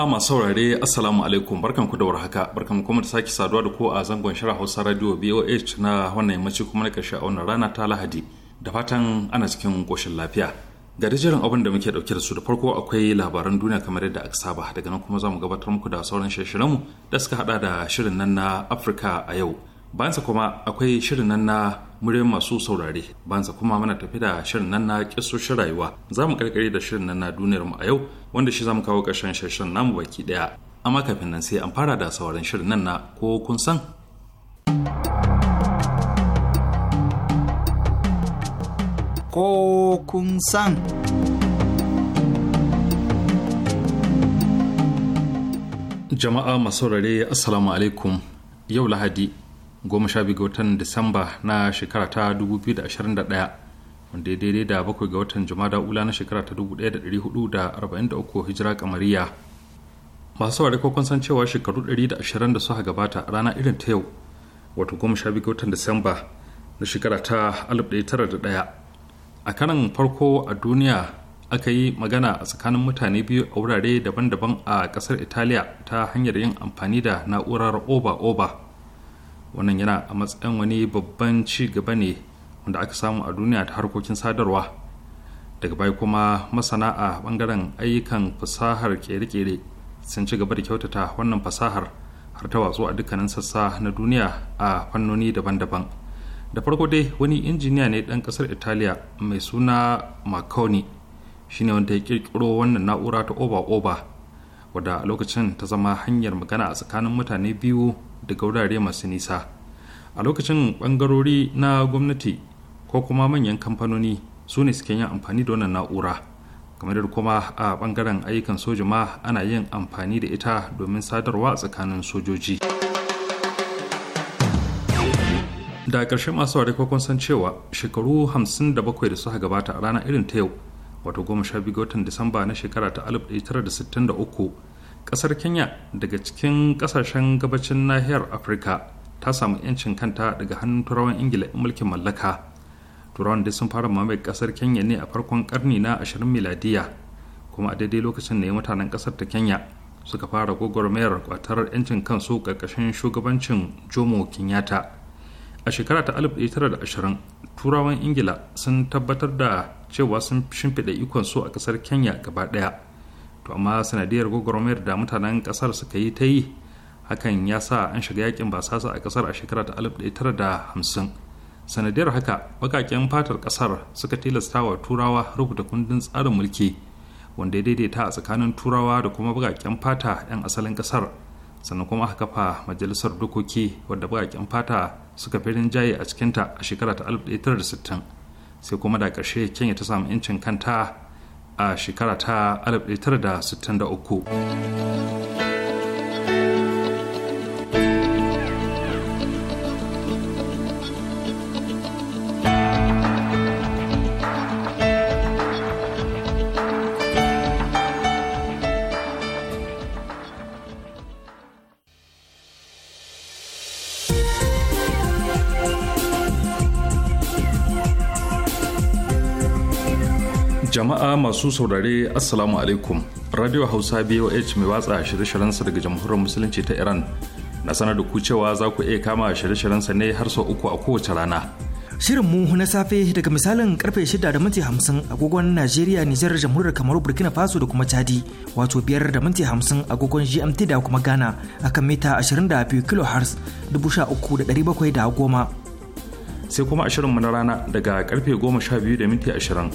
Jama'a masu saurare Assalamu alaikum barkan ku da warhaka barkan kuma da sake saduwa da ku a zangon shirin Hausa Radio BOH na wannan yammaci kuma na karshe a wannan rana ta Lahadi da fatan ana cikin koshin lafiya. Ga abun abin da muke dauke da su da farko akwai labaran duniya kamar yadda aka saba daga nan kuma za gabatar muku da sauran shirye mu da suka hada da shirin nan na Afirka a yau. bayan sa kuma akwai shirin nan na muryar masu saurare banza kuma muna tafi da shirin nan na kisoshin rayuwa za mu karkare da shirin nan na duniyar mu a yau wanda shi za mu kawo ƙarshen shirin namu baki ɗaya amma kafin nan sai an fara da sauran shirin nan na ko kun san ko kun san jama'a masaurare assalamu alaikum yau lahadi goma sha biyu ga watan disamba na shekara ta 2021 wanda daidai da bakwai ga watan jumada ula na shekara ta 1443 hijira kamariya masu saurari ko kun san cewa shekaru 120 da suka gabata a rana irin ta yau wato biyu ga watan disamba na shekara ta 1901 a kanan farko a duniya aka yi magana a tsakanin mutane biyu a wurare daban-daban a kasar italiya ta hanyar yin amfani da na'urar oba-oba wannan yana a matsayin wani babban ci gaba ne wanda aka samu a duniya ta harkokin sadarwa daga baya kuma masana a bangaren ayyukan fasahar kere-kere sun ci gaba da kyautata wannan fasahar har ta watsu a dukkanin sassa na duniya a fannoni daban-daban da farko dai wani injiniya ne ɗan ƙasar italiya mai suna marconi shine wanda ya ƙirƙiro wannan na'ura ta oba-oba wadda a lokacin ta zama hanyar magana a tsakanin mutane biyu daga wurare masu nisa a lokacin bangarori na gwamnati ko kuma manyan kamfanoni su ne suke yin amfani da wannan na'ura kamar kuma a bangaren ayyukan soja ma ana yin amfani da ita domin sadarwa tsakanin sojoji da ƙarshe masu ware kun san cewa shekaru 57 da suka gabata a ranar irin ta yau wato 12 ga watan disamba na shekara ta 1963 kasar kenya daga cikin kasashen gabacin nahiyar afirka ta samu 'yancin kanta daga hannun turawan ingila in mulkin mallaka turawan da sun fara mamaye kasar kenya ne a farkon karni na ashirin miladiya kuma a daidai lokacin da ne mutanen kasar ta kenya suka fara gwagwarmayar kwatar 'yancin kansu karkashin shugabancin jomo kenyatta a shekara ta 1920 turawan ingila sun tabbatar da cewa sun shimfiɗa su a kasar kenya gaba ɗaya amma sanadiyar gwagwarmayar da mutanen kasar suka yi ta yi hakan ya sa an shiga yakin basasa a kasar a shekara ta hamsin sanadiyar haka bakaken fatar kasar suka tilasta wa turawa rubuta kundin tsarin mulki wanda ya daidaita a tsakanin turawa da kuma bakaken fata 'yan asalin kasar sannan kuma aka kafa majalisar dokoki wadda bakaken fata suka fi jaye a cikinta a shekara ta 1960 sai kuma da ƙarshe kenya ta samu 'yancin kanta a shekara ta 1963 jama'a masu saurare assalamu alaikum radio hausa boh mai watsa shirye-shiryensa daga jamhuriyar musulunci ta iran na sanar da ku cewa za ku iya kama shirye-shiryensa ne har sau uku a kowace rana shirin mu na safe daga misalin karfe 6 da minti 50 agogon najeriya nijar jamhuriyar kamaru burkina faso da kuma chadi wato biyar da minti 50 agogon gmt da kuma ghana akan mita 22 kilohertz 13710 sai kuma ashirin mu na rana daga karfe goma 12 da minti ashirin.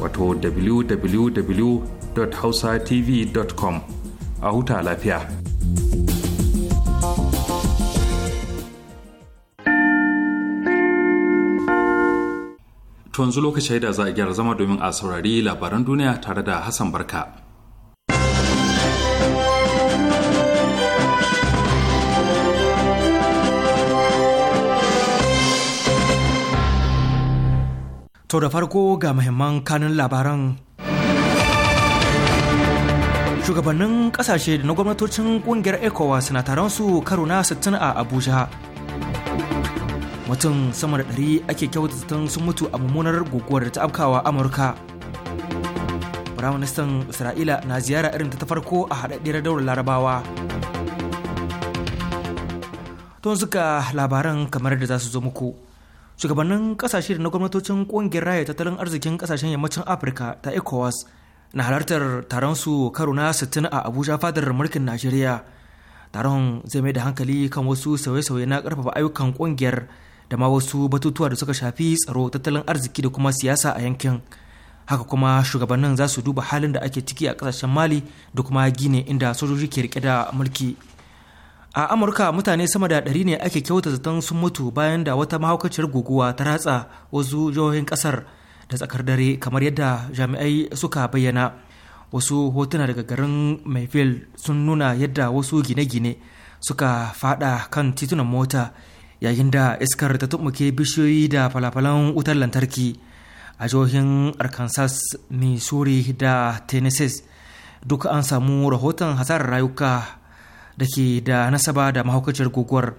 wato www.hausatv.com a huta lafiya. To yanzu da za a gyara zama domin a saurari labaran duniya tare da Hassan Barka. To da farko ga muhimman kanun labaran. Shugabannin kasashe da na gwamnatocin kungiyar ECOWAS na taron su karo na 60 a Abuja. Mutum sama da ɗari ake kyautata sun mutu a mummunar guguwar da ta afkawa Amurka. Firaministan Isra'ila na ziyara irin ta farko a haɗaɗɗiyar daular Larabawa. Tun suka labaran kamar da za su zo muku. shugabannin kasashe da na gwamnatocin kungiyar raya tattalin arzikin kasashen yammacin afirka ta ecowas na halartar taron su karo na 60 a abuja fadar mulkin najeriya taron zai mai da hankali kan wasu sauye-sauye na karfafa ayyukan kungiyar da ma wasu batutuwa da suka shafi tsaro tattalin arziki da kuma siyasa a yankin haka kuma shugabannin za su duba halin da ake ciki a kasashen mali da kuma gine inda sojoji ke rike da mulki a amurka mutane sama da ɗari ne ake kyauta zaton sun mutu bayan da wata mahaukaciyar guguwa ta ratsa wasu jihohin ƙasar da tsakar dare kamar yadda jami'ai suka bayyana wasu hotuna daga garin mayfield sun nuna yadda wasu gine-gine suka fada kan titunan mota yayin da iskar ta tumuke bishiyoyi da falafalan wutar lantarki a jihohin arkansas missouri da tennessee duka an samu rahoton hasarar rayuka da ke da nasaba da mahaukaciyar guguwar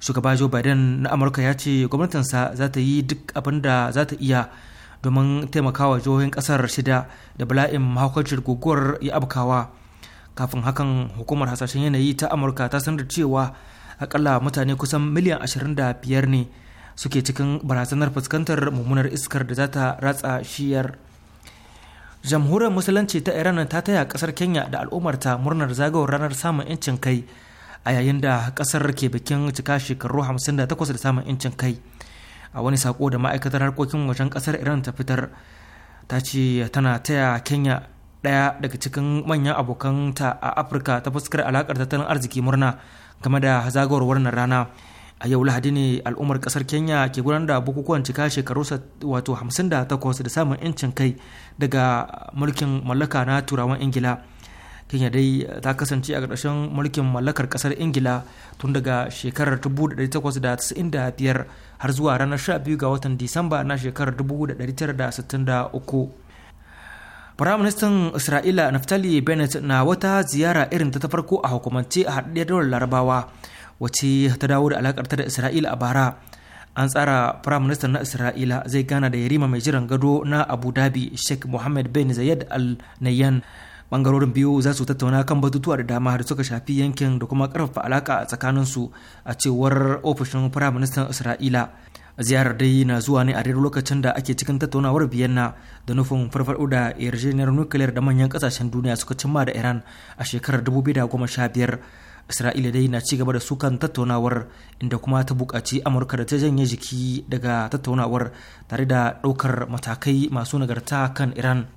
shugaba joe biden na amurka ya ce gwamnatinsa za ta yi duk abin da za ta iya domin taimakawa jihohin kasar shida da bala'in mahaukaciyar guguwar ya abkawa kafin hakan hukumar hasashen yanayi ta amurka ta sanar cewa akalla mutane kusan miliyan biyar ne suke cikin barazanar fuskantar mummunar iskar da za ta ratsa shiyar jamhuriyar musulunci ta iran ta taya kasar kenya da al'ummarta murnar zagawar ranar samun incin kai a yayin da kasar ke bikin cika shekaru 58 da samun incin kai a wani sako da ma'aikatar harkokin wajen kasar iran ta fitar ta ce tana taya kenya daya daga cikin manyan abokanta a afirka ta fuskar alakar tattalin arziki murna game da zagawar wannan rana a yau lahadi ne al'ummar kasar kenya ke gudanar da bukukuwan cika shekaru wato 58 da samun 'yancin kai daga mulkin mallaka na turawan ingila kenya dai ta kasance a ƙarshen mulkin mallakar kasar ingila tun daga shekarar 1895 har zuwa ranar 12 ga watan disamba na shekarar 1963 Firaministan Isra'ila Naftali Bennett na wata ziyara irin ta ta farko a hukumance a haɗaɗɗiyar daular larabawa wacce ta dawo da alakarta da isra'ila a bara an tsara prime minister na isra'ila zai gana da yarima mai jiran gado na abu dhabi sheikh mohammed bin zayed al nayyan bangarorin biyu za su tattauna kan batutuwa da dama da suka shafi yankin da kuma karfafa alaka a su a cewar ofishin prime firaministan isra'ila ziyarar dai na zuwa ne a daidai lokacin da ake cikin tattaunawar biyanna da nufin farfaɗo da yarjejeniyar nukiliyar da manyan kasashen duniya suka cimma da iran a shekarar 2015 isra'ila dai na ci gaba da sukan tattaunawar inda kuma ta buƙaci amurka da ta janye jiki daga tattaunawar tare da ɗaukar matakai masu nagarta kan iran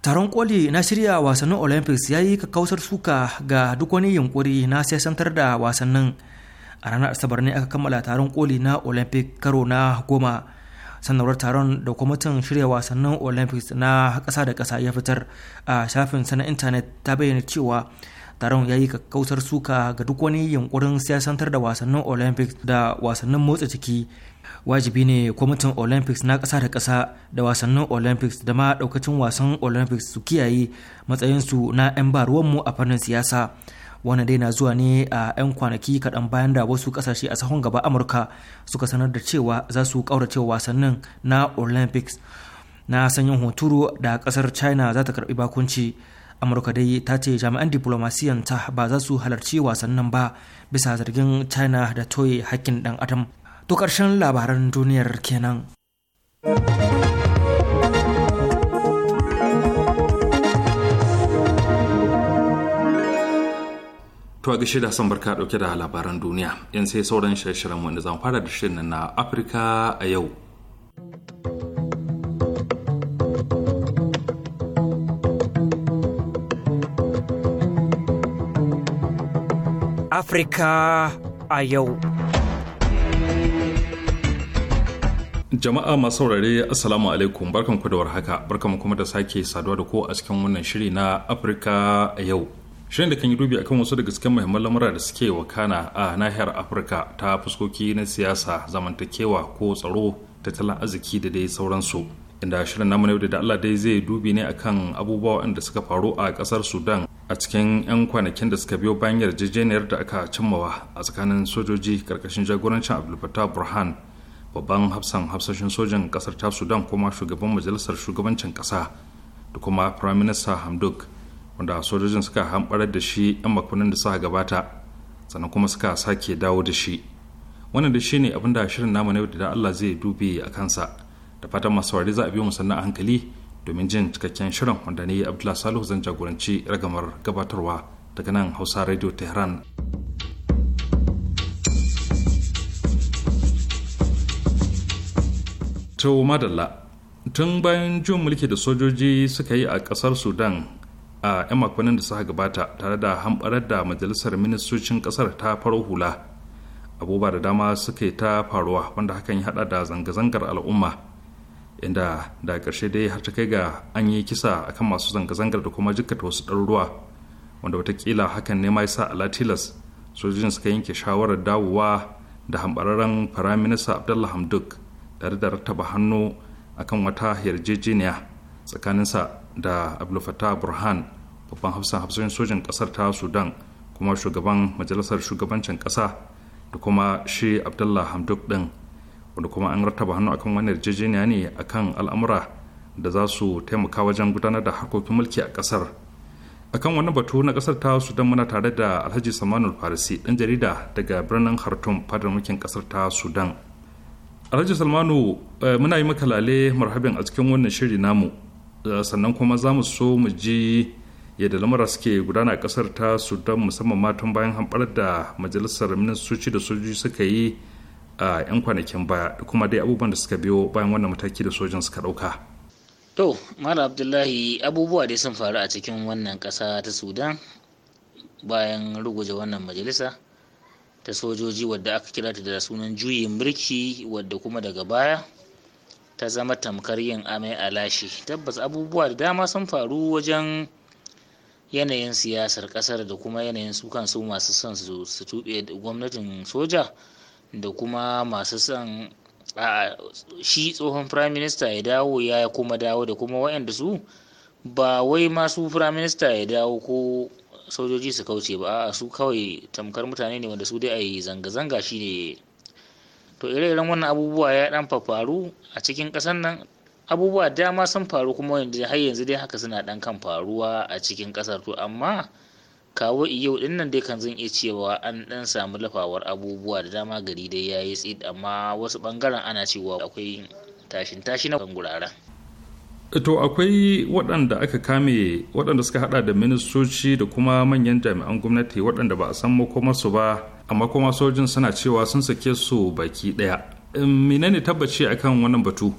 taron koli na shirya wasannin olympics ya yi kakausar suka ga duk wani yunkuri na santar da wasannin a ranar asabar ne aka kammala taron koli na olympic karo na goma sanarwar taron da kwamitin shirya wasannin olympics na ƙasa da ƙasa ya fitar a shafin sana intanet ta bayyana cewa taron ya yi kausar suka ga duk wani yunkurin siyasantar da wasannin olympics da wasannin motsa jiki wajibi ne kwamitin olympics na kasa da kasa da wasannin olympics da ma ɗaukacin wasan olympics su kiyaye matsayinsu na 'yan baruwanmu a fannin siyasa wannan dai na zuwa ne a 'yan kwanaki kaɗan bayan da wasu kasashe a sahun gaba amurka suka sanar da cewa za su ƙaurace wasannin na olympics na sanyin hunturu da kasar china za ta karɓi bakunci amurka dai ta ce jami'an diplomasiyan ba za su halarci wasannin ba bisa zargin china da toye hakkin dan adam to karshen labaran duniyar kenan To ga da son barka dauke da labaran duniya yan sai sauran shirye-shiryen wanda zan fara da shirin na Afirka a yau. Afirka a yau. Jama'a masu saurare Assalamu alaikum barkanku da warhaka barkanku kuma da sake saduwa da ko a cikin wannan shiri na Afirka a yau. Shirin da kan yi dubi akan wasu daga cikin muhimman lamura da suke wakana a nahiyar Afirka ta fuskoki na siyasa, zamantakewa ko tsaro, tattalin arziki da dai sauransu. inda shirin namu na yau da Allah dai zai dubi ne akan abubuwa waɗanda suka faru a ƙasar Sudan a cikin 'yan kwanakin da suka biyo bayan yarjejeniyar da aka cimmawa a tsakanin sojoji karkashin jagorancin abdulfatah burhan babban hafsan hafsashin sojan kasar ta sudan kuma shugaban majalisar shugabancin kasa da kuma prime minister hamdok wanda sojojin suka hamɓarar da shi 'yan makonin da suka gabata sannan kuma suka sake dawo da shi wannan da shi ne abin da shirin namu na yau da Allah zai dube a kansa da fatan masu za a biyo sannan a hankali domin jin cikakken shirin wanda ne abdullah salihu zan jagoranci ragamar gabatarwa daga nan hausa radio tehran to madalla tun bayan jin mulki da sojoji suka yi a kasar sudan a 'yan makonnin da suka gabata tare da hamɓarar da majalisar ministocin kasar ta faro hula abubuwa da dama suka yi ta faruwa wanda hakan ya hada da zanga-zangar al'umma inda da karshe dai har ta kai ga an yi kisa akan masu zanga-zangar da kuma jikkata wasu ɗaruruwa wanda watakila hakan ne ma ya sa latilas sojojin suka yanke shawarar dawowa da hambararren firaminista abdullah hamduk tare da rattaba hannu akan wata yarjejeniya tsakaninsa da abdulfatah burhan babban hafsan hafsoshin sojin ƙasar ta sudan kuma shugaban majalisar shugabancin ƙasa da kuma shi abdullah hamduk ɗin wanda kuma an rattaba hannu akan wani yarjejeniya ne akan al'amura da za su taimaka wajen gudanar da harkokin mulki a kasar akan wannan batu na kasar ta sudan muna tare da alhaji samanul farisi dan jarida daga birnin khartoum fadar mulkin kasar ta sudan alhaji salmanu eh, muna yi maka lale marhabin a cikin wannan shiri namu eh, sannan kuma za mu so mu ji yadda lamura suke gudana a kasar ta sudan musamman matan bayan hamɓar da majalisar ministoci da sojoji suka yi a 'yan kwanakin baya da kuma dai abubuwan da suka biyo bayan wannan mataki da sojan suka ɗauka. to mara abdullahi abubuwa dai sun faru a cikin wannan kasa ta sudan bayan ruguje wannan majalisa ta sojoji wadda aka kira ta da sunan juyin mulki wadda kuma daga baya ta zama tamkar yin amai a lashe tabbas abubuwa da dama sun faru wajen yanayin siyasar kasar da kuma yanayin su kansu masu son su tuɓe gwamnatin soja da kuma masu son shi tsohon prime minister ya dawo ya kuma dawo da kuma wayanda su ba wai masu prime minister ya dawo ko sojoji su kauce ba a su kawai tamkar mutane ne wanda su dai a yi zanga-zanga shi ne to ire-iren wannan abubuwa ya dan faru a cikin kasan nan abubuwa dama sun faru kuma har yanzu dai haka suna dan kan faruwa a cikin kasar to amma kawo yau din nan dai kan zan iya cewa an dan samu lafawar abubuwa da dama gari dai ya yi tsid amma wasu bangaren ana cewa akwai tashin tashi na guraren to akwai waɗanda aka kame waɗanda suka hada da ministoci da kuma manyan jami'an gwamnati waɗanda ba a san makomarsu ba amma kuma sojin suna cewa sun sake su baki ɗaya menene tabbaci akan wannan batu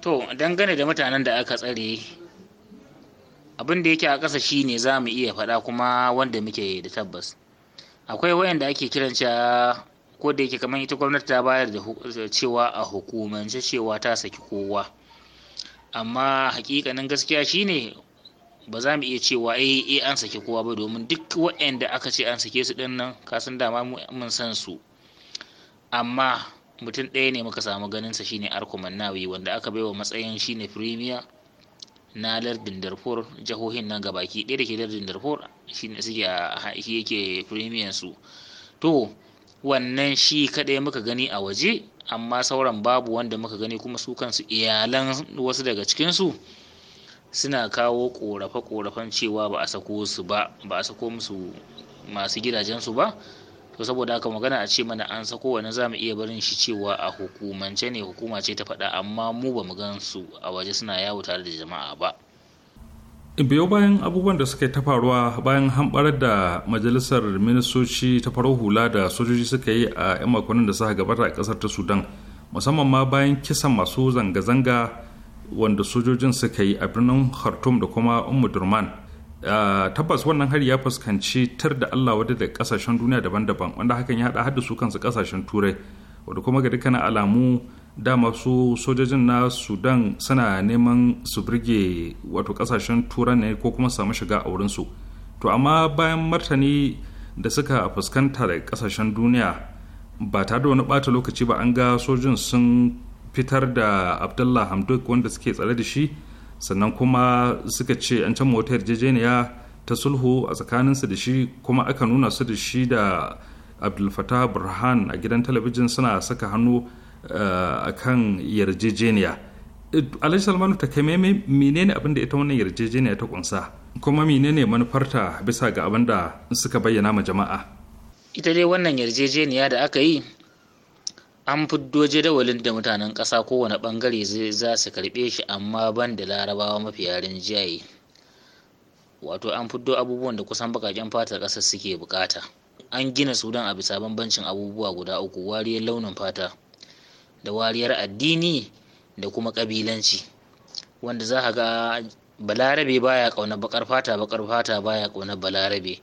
to dangane da mutanen da aka tsare abin da yake a ƙasa shi ne za mu iya faɗa kuma wanda muke da tabbas akwai wayanda ake kiran cewa ko da yake kamar ita gwamnati ta bayar da cewa a hukumance cewa ta saki kowa amma hakikanin gaskiya shine ba za mu iya cewa eh, eh an saki kowa ba domin duk wayanda aka ce an sake su din nan kasan dama mun san su amma mutum ɗaya ne muka samu ganinsa shine arko wanda aka baiwa matsayin shine premier na lardin darfur jihohin nan ga baki ɗaya da ke lardin darfur shi ne suke yake premium su to wannan shi kaɗai muka gani a waje amma sauran babu wanda muka gani kuma su kansu iyalan wasu daga cikinsu suna kawo ƙorafe-ƙorafen cewa ba a sako su ba ba a sako musu masu gidajensu ba to saboda haka magana a ce mana an sako wani zamu iya barin shi cewa a hukumance ne hukuma ce ta faɗa amma mu ba mu gan su a waje suna yawo tare da jama'a ba biyo bayan abubuwan da suka ta faruwa bayan hamɓarar da majalisar ministoci ta farar hula da sojoji suka yi a 'yan makonnin da suka gabata a kasar ta sudan musamman ma bayan kisan masu zanga-zanga wanda sojojin suka yi a birnin khartoum da kuma ummu Ah, tabbas wannan hari ya fuskanci tar da Allah wadda da kasashen duniya daban-daban wanda hakan ya haɗa hadda su kansu kasashen turai wadda kuma ga dukkanin alamu dama su sojojin na sudan suna neman su birge wato kasashen turai ne ko kuma samu shiga a wurinsu to amma bayan martani da suka fuskanta da kasashen duniya ba tare da wani bata lokaci ba an ga sojin sun fitar da abdullah hamdok wanda suke tsare da shi sannan kuma suka ce an can mota yarjejeniya ta sulhu a tsakaninsu da shi kuma aka nuna su da shi da abdulfatah burhan a gidan talabijin suna saka hannu eh, a kan yarjejeniya alhaji salmanu ta kamaimai menene abin da ita wannan yarjejeniya ta kunsa kuma menene manufarta bisa ga abin da suka bayyana ma jama'a ita dai wannan yarjejeniya da aka yi an fiddo jadawalin da mutanen ƙasa kowane ɓangare za su karɓe shi amma ban da larabawa mafi yarin jiyayi wato an fiddo abubuwan da kusan baƙaƙen fatar ƙasar suke bukata an gina sudan a bisa bambancin abubuwa guda uku wariyar launin fata da wariyar addini da kuma ƙabilanci wanda za ka ga balarabe baya ƙauna baƙar fata baƙar fata baya ƙauna balarabe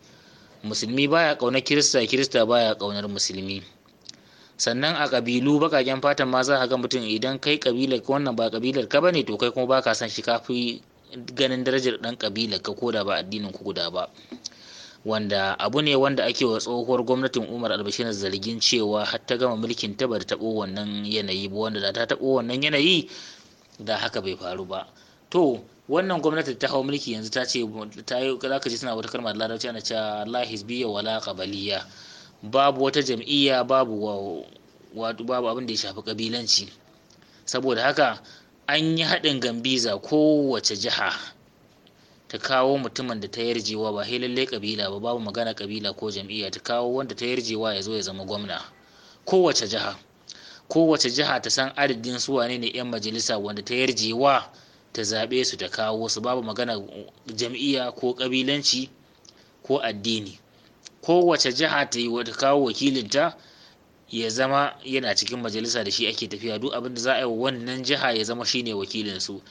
musulmi baya ƙaunar kirista kirista baya ƙaunar musulmi sannan a kabilu bakaken fatan ma za ka ga mutum idan kai kabilar ka wannan ba kabilar ka bane to kai kuma baka san shi kafi ganin darajar dan kabilar ka ko da ba addinin ku guda ba wanda abu ne wanda ake wa tsohuwar gwamnatin umar albashir zargin cewa har ta gama mulkin ta bar taɓo wannan yanayi ba wanda da ta taɓo wannan yanayi da haka bai faru ba to wannan gwamnati ta hau mulki yanzu ta ce ta yi za ka ji suna wata kalmar larabci ana cewa la hisbiya wala qabaliya babu wata jam'iyya babu wato babu abin da ya shafi kabilanci saboda haka an yi haɗin gambiza kowace jiha ta kawo mutumin da ta yarjewa ba sai lalle kabila ba babu magana kabila ko jam'iyya ta kawo wanda ta yarjewa ya zo ya zama gwamna kowace jiha kowace jiha ta san adadin su wane ne 'yan majalisa wanda ta yarjewa ta zaɓe su ta kawo su babu magana jam'iyya ko kabilanci ko addini kowace jiha ta yi wata kawo wakilinta ya zama yana cikin majalisa da shi ake tafiya duk abin da za a yi wannan jiha ya zama shine wakilin su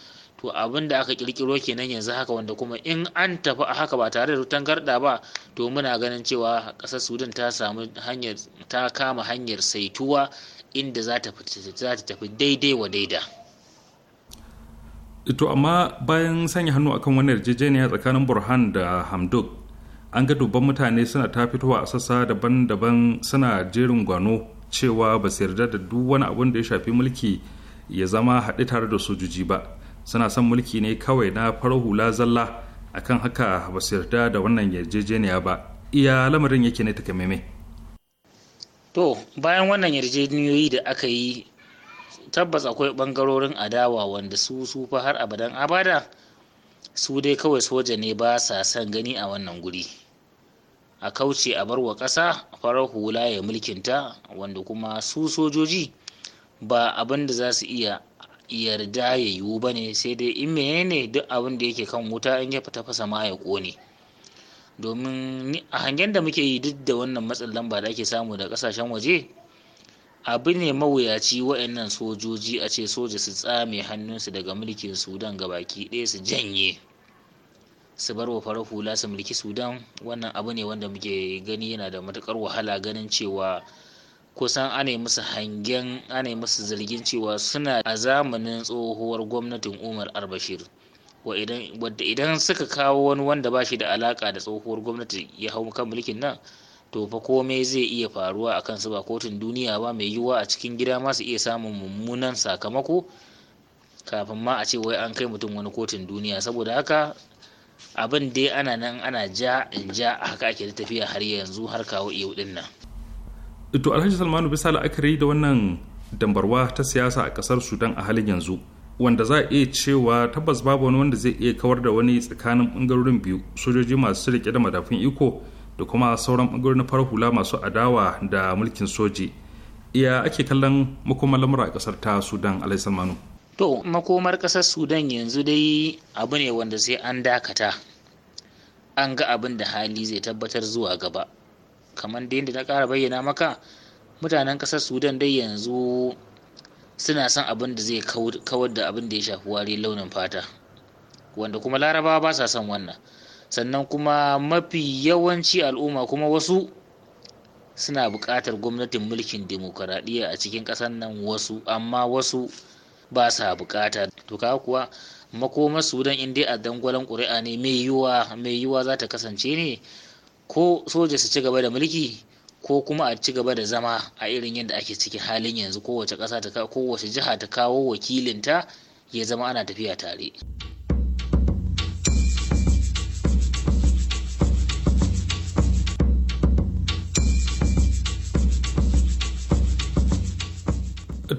to abin aka kirkiro kenan yanzu haka wanda kuma in an tafi a haka ba tare da garɗa ba to muna ganin cewa kasar sudan ta samu hanyar ta kama hanyar saituwa inda za ta tafi daidai wa daida to amma bayan sanya hannu akan wannan yarjejeniya tsakanin burhan da hamdok an ga dubban mutane suna ta fitowa a sassa daban-daban suna jerin gwano cewa ba su yarda da duk wani abun da ya shafi mulki ya zama haɗe tare da sojoji ba suna son mulki ne kawai na farar hula zalla akan haka ba su yarda da wannan yarjejeniya ba iya lamarin yake ne takamaimai to bayan wannan yarjejeniyoyi da aka yi tabbas akwai bangarorin adawa wanda su su fa har abadan abada su dai kawai soja ne ba sa son gani a wannan guri a kauce a barwa ƙasa farar hula ya mulkinta wanda kuma su sojoji ba abin da za su iya yarda ya yiwu ba ne sai dai in menene duk abin da yake kan wuta in ya fita fasa ma ya ƙone domin a hangen da muke yi duk da wannan matsin lamba da ake samu da ƙasashen waje abu ne mawuyaci wa'annan sojoji a ce soja su tsame hannunsu daga mulkin sudan ga baki ɗaya su janye su bar wa farar hula su mulki sudan wannan abu ne wanda muke gani yana da matukar wahala ganin cewa kusan ana musu hangen ana musu zargin cewa suna a zamanin tsohuwar gwamnatin umar arbashir wadda idan suka kawo wani wanda ba shi da alaka da tsohuwar gwamnati ya hau kan mulkin nan to fa komai zai iya faruwa a su ba kotun duniya ba mai yiwuwa a cikin gida masu iya samun mummunan sakamako kafin ma a ce wai an kai mutum wani kotun duniya saboda haka abin dai ana nan ana ja in ja haka ake tafiya har yanzu har kawo iyo din nan to alhaji salmanu bisa la'akari da wannan dambarwa ta siyasa a kasar sudan a halin yanzu wanda za a iya cewa tabbas babu wani wanda zai iya kawar da wani tsakanin bangarorin biyu sojoji masu rike da madafin iko da kuma sauran bangarorin farar hula masu adawa da mulkin soji iya ake kallon makoman lamura a kasar ta sudan alhaji salmanu to makomar ƙasar sudan yanzu dai abu ne wanda sai an dakata an ga abin da hali zai tabbatar zuwa gaba kamar da na ƙara bayyana maka mutanen ƙasar sudan dai yanzu suna son abin da zai kawar da abin da ya shafi wari launin fata wanda kuma larabawa ba sa son wannan sannan kuma mafi yawanci al'umma kuma wasu suna buƙatar gwamnatin mulkin demokuraɗiyya a cikin ƙasar nan wasu amma wasu ba sa bukata to ka kuwa makomarsu don inda a dangwalon ƙuri'a ne mai yiwuwa mai yiwuwa za ta kasance ne ko soja su ci gaba da mulki ko kuma a ci gaba da zama a irin yadda ake cikin halin yanzu kowace ƙasa ta kowace jiha ta kawo wakilinta ya zama ana tafiya tare.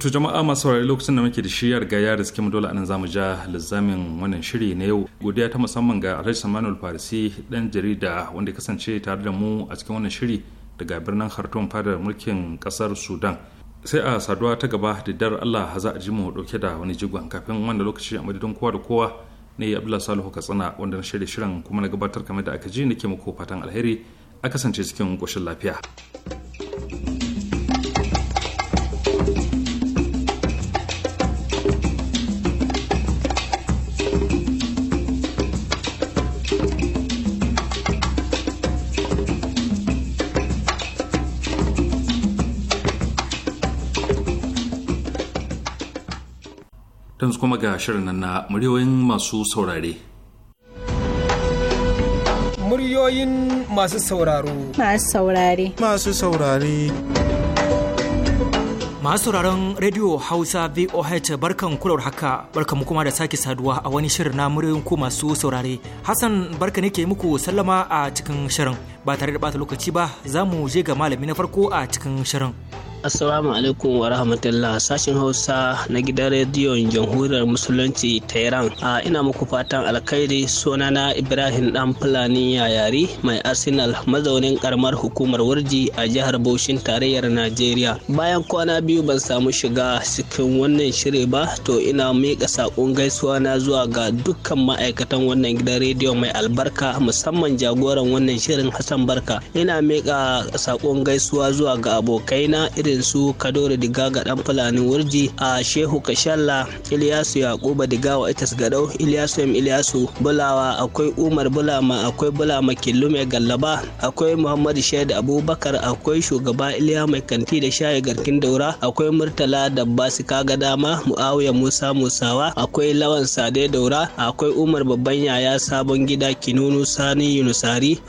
to jama'a masu saurari lokacin da muke da shi ya riga ya mu dole anan zamu ja lizamin wannan shiri na yau godiya ta musamman ga Alhaji Samuel Farisi dan jarida wanda ya kasance tare da mu a cikin wannan shiri daga birnin Khartoum fadar mulkin kasar Sudan sai a saduwa ta gaba da dar Allah za a ji mu dauke da wani jigon kafin wanda lokaci a madadin kowa da kowa ne Abdullahi Salihu Katsina wanda na shirye shirin kuma na gabatar kamar da aka ji nake muku fatan alheri a kasance cikin koshin lafiya. thank you yanzu kuma ga shirin nan na muryoyin masu saurare. Muryoyin masu sauraro. Masu saurare. Masu saurare. Masu sauraron Radio Hausa VOH barkan kular haka barkan kuma da sake saduwa a wani shirin na muryoyin ku masu saurare. Hassan barka ne ke muku sallama a cikin shirin ba tare da bata lokaci ba za mu je ga malami na farko a cikin shirin. Assalamu alaikum wa rahmatullah sashen Hausa na gidan rediyon Jamhuriyar Musulunci ta A ina muku fatan alkhairi sunana Ibrahim Dan Fulani Yayari mai Arsenal mazaunin karamar hukumar Warji a jihar Bauchin tarayyar Najeriya. Bayan kwana biyu ban samu shiga cikin wannan shiri ba to ina miƙa saƙon gaisuwa na zuwa ga dukkan ma'aikatan wannan gidan rediyo mai albarka musamman jagoran wannan shirin Hassan Barka. Ina miƙa saƙon gaisuwa zuwa ga abokaina irin irin su kadore ga dan fulani wurji a shehu kashalla iliyasu yakuba digawa itas gadau iliyasu m iliyasu bulawa akwai umar bulama akwai bulama killume gallaba akwai muhammadu shaidu abubakar akwai shugaba iliya mai kanti da shayi garkin daura akwai murtala da basu kaga dama muawiya musa musawa akwai lawan sade daura akwai umar babban yaya sabon gida kinunu sani yunusari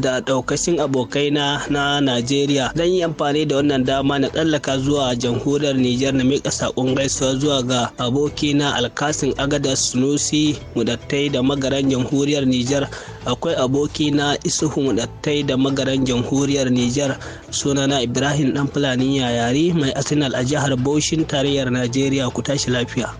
da daukashin abokai na na najeriya zan yi amfani da wannan dama na tsallaka zuwa jamhuriyar Nijar na miƙa saƙon gaisuwa zuwa ga abokina Alkasin Agada Sunusi Mudattai da magaran jamhuriyar Nijar akwai abokina Isuhu Mudattai da magaran jamhuriyar Nijar sunana Ibrahim Dan Fulani Yayari mai Arsenal a jihar Baushin tarayyar Najeriya ku tashi lafiya.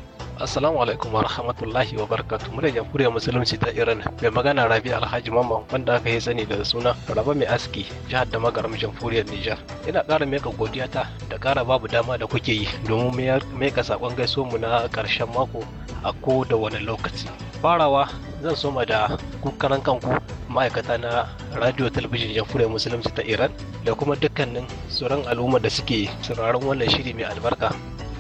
Assalamu alaikum wa rahmatullahi wa barakatu mu da jamhuriyar musulunci ta Iran mai magana Rabi Alhaji Mamman wanda aka yi sani da suna Raba mai aski jihar da magaram jamhuriyar Nijar. Ina ƙara meka godiya ta da ƙara babu dama da kuke yi domin meka saƙon gaiso mu na ƙarshen mako a ko da wani lokaci. Farawa zan soma da kukaran kanku ma'aikata na radio talabijin jamhuriyar musulunci ta Iran da kuma dukkanin tsoron al'umma da suke sauraron wannan shiri mai albarka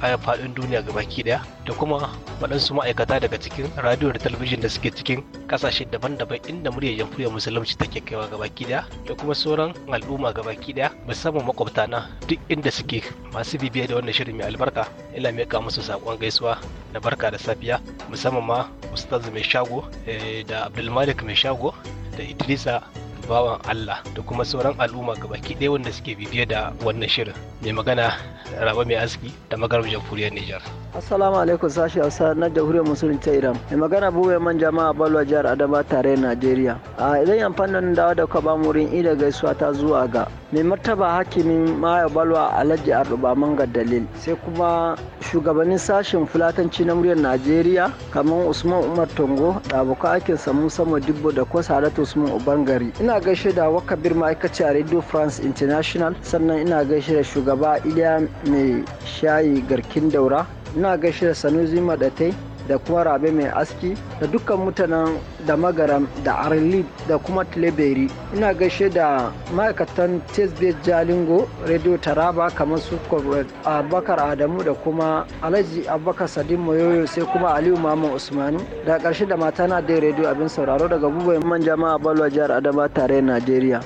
a faɗin duniya baki ɗaya da kuma waɗansu ma'aikata daga cikin radiyo da talabijin da suke cikin ƙasashe daban-daban inda muryar jamhuriyar musulunci take kaiwa baki ɗaya da kuma sauran al'umma gabaki ɗaya musamman makwabta na duk inda suke masu bibiya da wannan shirin mai albarka ina ka musu saƙon gaisuwa da barka da safiya musamman ma ustaz mai shago eh, da abdulmalik mai shago da idrisa bawan Allah da kuma sauran al'umma ga baki ɗaya wanda suke bibiye da wannan shirin mai magana raba mai aski da magarar jamhuriyar Nijar. Assalamu alaikum sashi Hausa na jamhuriyar musulun ta Iran. Mai magana buwe man jama'a Balwa jihar Adama tare Najeriya. A idan yan fannin dawa da kwa murin ida gaisuwa ta zuwa ga mai martaba hakimin maya balwa alhaji arduba dalil sai kuma shugabannin sashen fulatanci na muryar najeriya kamar usman umar tongo da abokan aikin samu sama dubbo da kuma sadatu usman ubangari ina gaishe da wakabir ma'aikaci a radio france international sannan ina gaishe da shugaba iliya mai shayi garkin daura ina gaishe da sanusi madatai da kuma rabe mai aski da dukkan mutanen da magaram da arlib da kuma tileberi ina gaishe da ma'aikatan tesbe jalingo radio taraba kamar su abubakar adamu da kuma alhaji abubakar sadin moyoyo sai kuma aliyu mamu usmanu da karshe da matana dai radio abin sauraro daga bubai man jama'a balwa jihar adama tare najeriya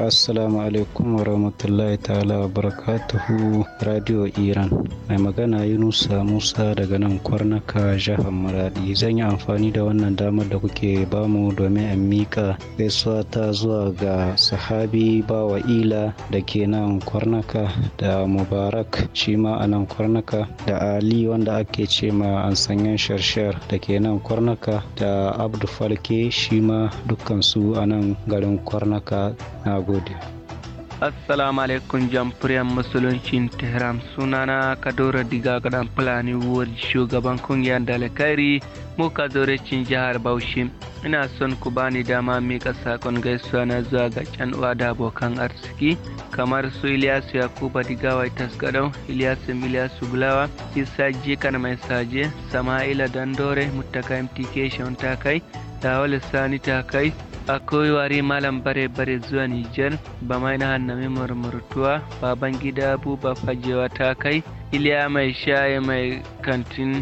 Assalamu alaikum warahmatullahi ta'ala wa barakatuhu Radio Iran. Mai magana Yunusa Musa daga nan kwarnaka jihar Maradi. Zan yi amfani da wannan damar da kuke bamu domin in mika gaisuwa ta zuwa ga sahabi bawa ila da ke nan kwarnaka da Mubarak shi ma a nan kwarnaka da Ali wanda ake ce ma an sanyan sharshar da ke nan kwarnaka da Abdu Falke shi ma dukkan su a nan garin kwarnaka gode. assalamu alaikum jamhuriyar musuluncin tehran sunana kadora diga gadan fulani ward shugaban kungiyar dalakari muka zorecin jihar bauchi ina son ku bani dama mika sakon gaisuwa na zuwa ga can uwa da abokan arziki kamar su Ilyasu Yakuba wai Tasgadau, Ilyasu Miliyasu Bulawa, Isa Jikar Mai Saje, Sama'ila Dandore, Mutaka MTK Shon Takai, Lawal Sani Takai, akwai wari malam bare bare zuwa nijar ba mai na hannami murmurtuwa baban gida buba fajewa ta kai iliya mai shaye mai kantin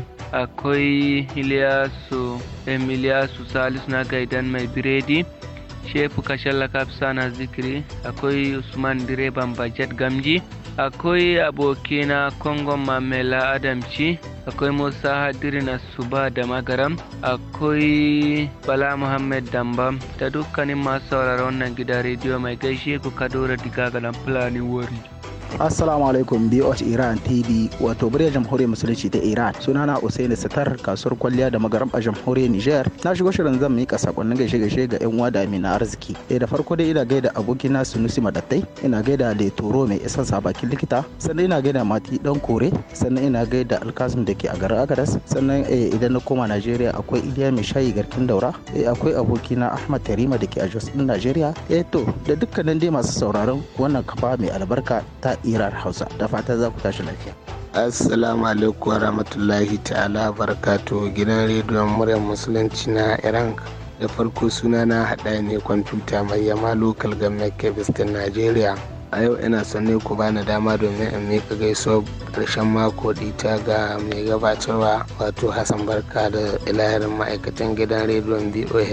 akwai Iliya su Emiliya su salisu na gaidan mai biredi shefu kashalla kafisa na zikiri akwai usman direban bajet gamji akwai abokina kongon mamela adamci akwai musa hadiri na suba da magaram akwai bala muhammed dambam da dukkanin masu sauraron wannan gida rediyo mai gaishe ku kadora diga ga fulani wari assalamu alaikum boh iran tv wato muryar jamhuriyar musulunci ta iran sunana usaini sitar kasuwar kwalliya da magaram a jamhuriyar niger na shigo shirin zan mika sakonnin gaishe gaishe ga yan uwa da amina arziki eh da farko dai ina gaida abokina sunusi madattai ina gaida letoro mai isan sabakin likita sannan ina gaida mati dan kore sannan ina gaida alkasim da ke a garin agadas sannan eh, idan na koma najeriya akwai iliya mai shayi garkin daura eh, akwai abokina ahmad tarima da ke a jos din najeriya eh to da dukkanin dai masu sauraron wannan kafa mai albarka ta irar hausa da fata za ku tashi lafiya assalamu alaikum warahmatullahi ta'ala barakatu gidan rediyon muryar musulunci na iran da farko suna na haɗa ne kwamfuta mai yama local government kebis ta najeriya a yau ina son ne ku bani dama domin in miƙa gaisuwa ƙarshen mako ɗita ga mai gabatarwa wato hassan barka da ilayarin ma'aikatan gidan rediyon boh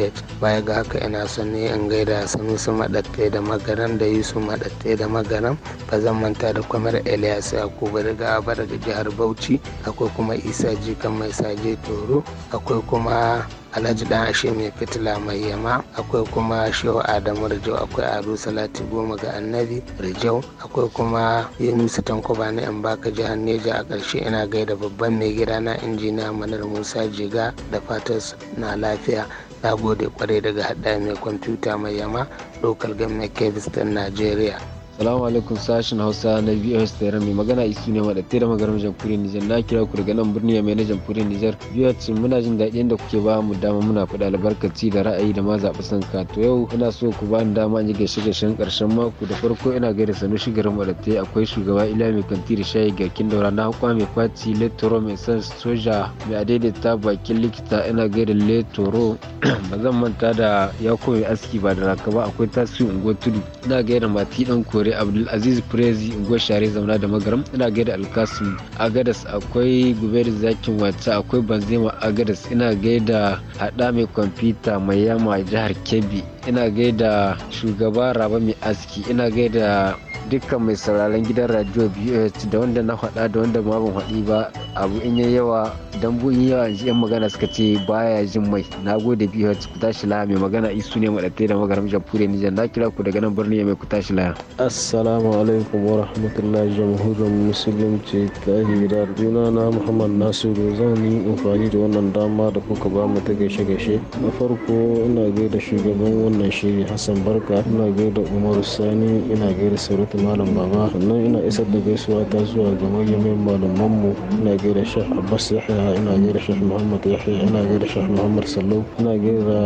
baya ga haka ina son ne in gaida sanusi maɗatte da magaran da yusuf maɗatte da magaran ba zan manta da kwamar elias yakubu daga abar da jihar bauchi akwai kuma isa jikan mai saje toro akwai kuma alhaji dan ashe mai fitila mai yama akwai kuma shehu adamu rijau akwai ado salati goma ga annabi rijau akwai kuma yunusa tankoba na yan baka jihar neja a ƙarshe ina gaida babban mai gida na injiniya manar musa jiga da fatas na lafiya na gode kwarai daga hada mai kwamfuta mai yama local government kebis din najeriya Salamu alaikum sashen Hausa na VOS Tehran mai magana isu ne maɗaɗe da magana jamhuriyar Nijar na kira ku daga nan birni mai na jamhuriyar Nijar. VOS muna jin daɗi da kuke ba mu dama muna faɗa albarkaci da ra'ayi da ma zaɓi ka To yau ina so ku ba ni dama in yi gaishe gaishen ƙarshen mako da farko ina gaida sanu shigar maɗaɗe akwai shugaba Ila mai kanti da shayi kin daura na hukuma mai kwaci letoro mai san soja mai adaidaita bakin likita ina gaida letoro ba zan manta da ya mai aski ba da raka ba akwai tasiri unguwar tudu ina gaida mati ɗan kore Abdul Abdulaziz Prezi Ugo Share Zamana da Magaram ina gaida Alkasim Agadas akwai Guberi Zakin Wata akwai Banzema Agadas ina gaida Hada mai kwamfuta mai yama jihar Kebbi ina gaida shugaba Raba mai aski ina gaida dukkan mai sauraron gidan radio BOH da wanda na faɗa da wanda ma ban faɗi ba abu in yi yawa dan in yawa ji yan magana suka ce baya jin mai na gode BOH ku tashi laya mai magana isu ne maɗatai da magaram jamhuriyar Nijar na kira ku daga nan birni mai ku tashi laya. assalamu alaikum wa rahmatullahi jamhuriyar musulunci ta hira juna na muhammad nasiru zan yi amfani da wannan dama da kuka ba mu ta gaishe gaishe na farko ina gaida shugaban wannan shiri hassan barka ina gaida umaru sani ina gaida sauratu malam baba sannan ina isar da gaisuwa ta zuwa ga manyan malaman mu ina gaida shah abbas yahya ina gaida shah muhammad yahya ina gaida shah muhammad sallau ina gaida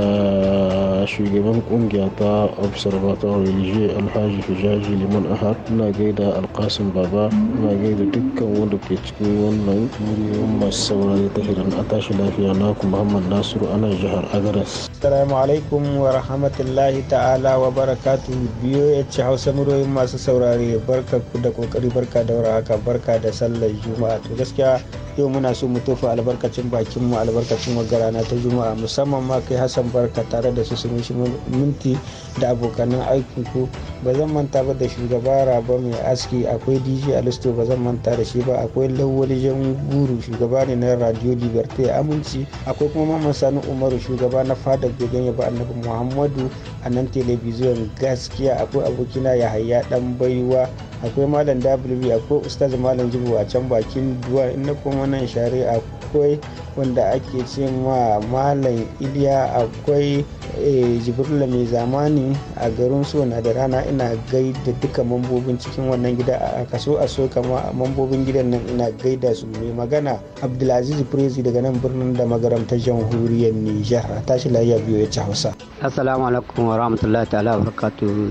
shugaban kungiya ta observatory alhaji hijaji Suleiman Ahad ina gaida alkasin Baba ina gaida dukkan wanda ke cikin wannan miliyoyin masu saurari ta shirin a tashi lafiya na ku Muhammad Nasiru ana jihar Agaras. Assalamu alaikum wa rahmatullahi ta'ala wa barakatu biyo ci Hausa muryoyin masu saurari barka ku da kokari barka da haka barka da sallar Juma'a to gaskiya yau muna so mu tofa albarkacin bakin mu albarkacin na ta juma'a musamman ma kai hassan barka tare da su sun minti da abokanan aiki ko ba zan manta ba da shugaba raba mai aski akwai dj alisto ba zan manta da shi ba akwai lawali jan guru shugaba ne na radio liberty aminci akwai kuma mamman sani umaru shugaba na fadar gidan yaba annabi muhammadu a nan telebijiyon gaskiya akwai abokina yahaya dan baiwa akwai malam w akwai ustaz malam jibo a can bakin duwa in na kuma nan share akwai wanda ake ce ma malam iliya akwai eh, jibrila mai zamani a garin so na da rana ina gaida duka mambobin cikin wannan gida a kaso a so kama mambobin gidan nan ina gaida su mai magana abdulaziz prezi daga nan birnin da magaramtar jamhuriyar nijar a tashi lafiya biyu ya ci hausa assalamu alaikum wa rahmatullahi ta'ala wa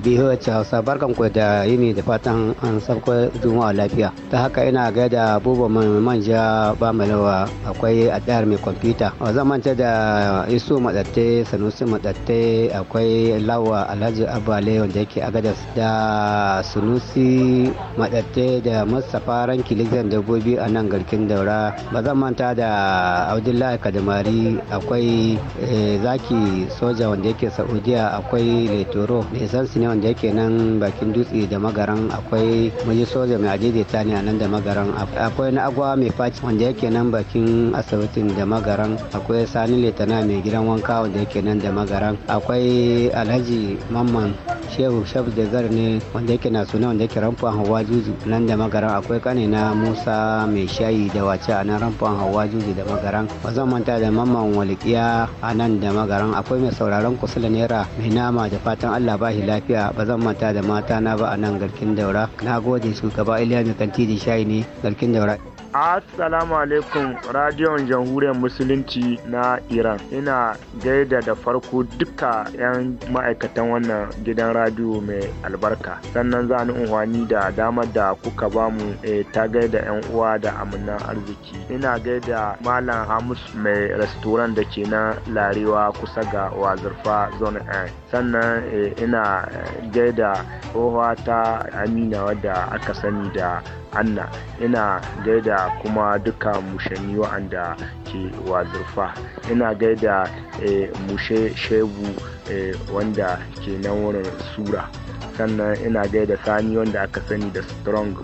biyu ya ci hausa barkan ku da yini da fatan an sabko zuwa lafiya ta haka ina gaida buba mai manja ba malawa akwai a tsayar mai kwamfuta a ta da isu madatte sanusi madatte akwai lawa alhaji abale wanda yake a da sunusi madatte da mustapha ranki dabbobi a nan garkin daura ba zan manta da abdullahi kadamari akwai eh, zaki soja wanda yake saudiya akwai letoro mai sansu ne wanda yake nan bakin dutse da magaran akwai akwai muji soja mai ta ne a nan da magaran akwai na agwa mai faci wanda yake nan bakin asibitin da magaran akwai sani letana mai gidan wanka wanda yake nan da magaran akwai alhaji mamman shehu shabu da ne wanda yake na suna wanda yake ramfan hawa juju nan da magaran akwai kane na musa mai shayi da wace a nan ramfan hawa juji da magaran ba zan manta da mamman walikiya a nan da magaran akwai mai sauraron da naira mai nama da fatan allah ba lafiya ba zan manta da mata na ba a nan garkin daura na gode shugaba iliya mai kanti da shayi ne garkin daura Assalamu alaikum radiyon jamhuriyar musulunci na Iran. Ina gaida da farko duka 'yan ma'aikatan wannan gidan radiyo mai albarka. Sannan za ni unhwani da damar da kuka ba mu eh, ta gaida 'yan uwa da aminan arziki. Ina gaida Malam Hamus mai restoran da ke na Larewa kusa ga Wazirfa Zone 1. sannan eh, ina eh, gaida tsohuwa ta amina wadda aka sani da anna ina gaida kuma duka mushani wa'anda ke wazurfa ina gaida eh, mushe shebu wanda ke nan wurin sura sannan ina gaida sani wanda aka sani da strong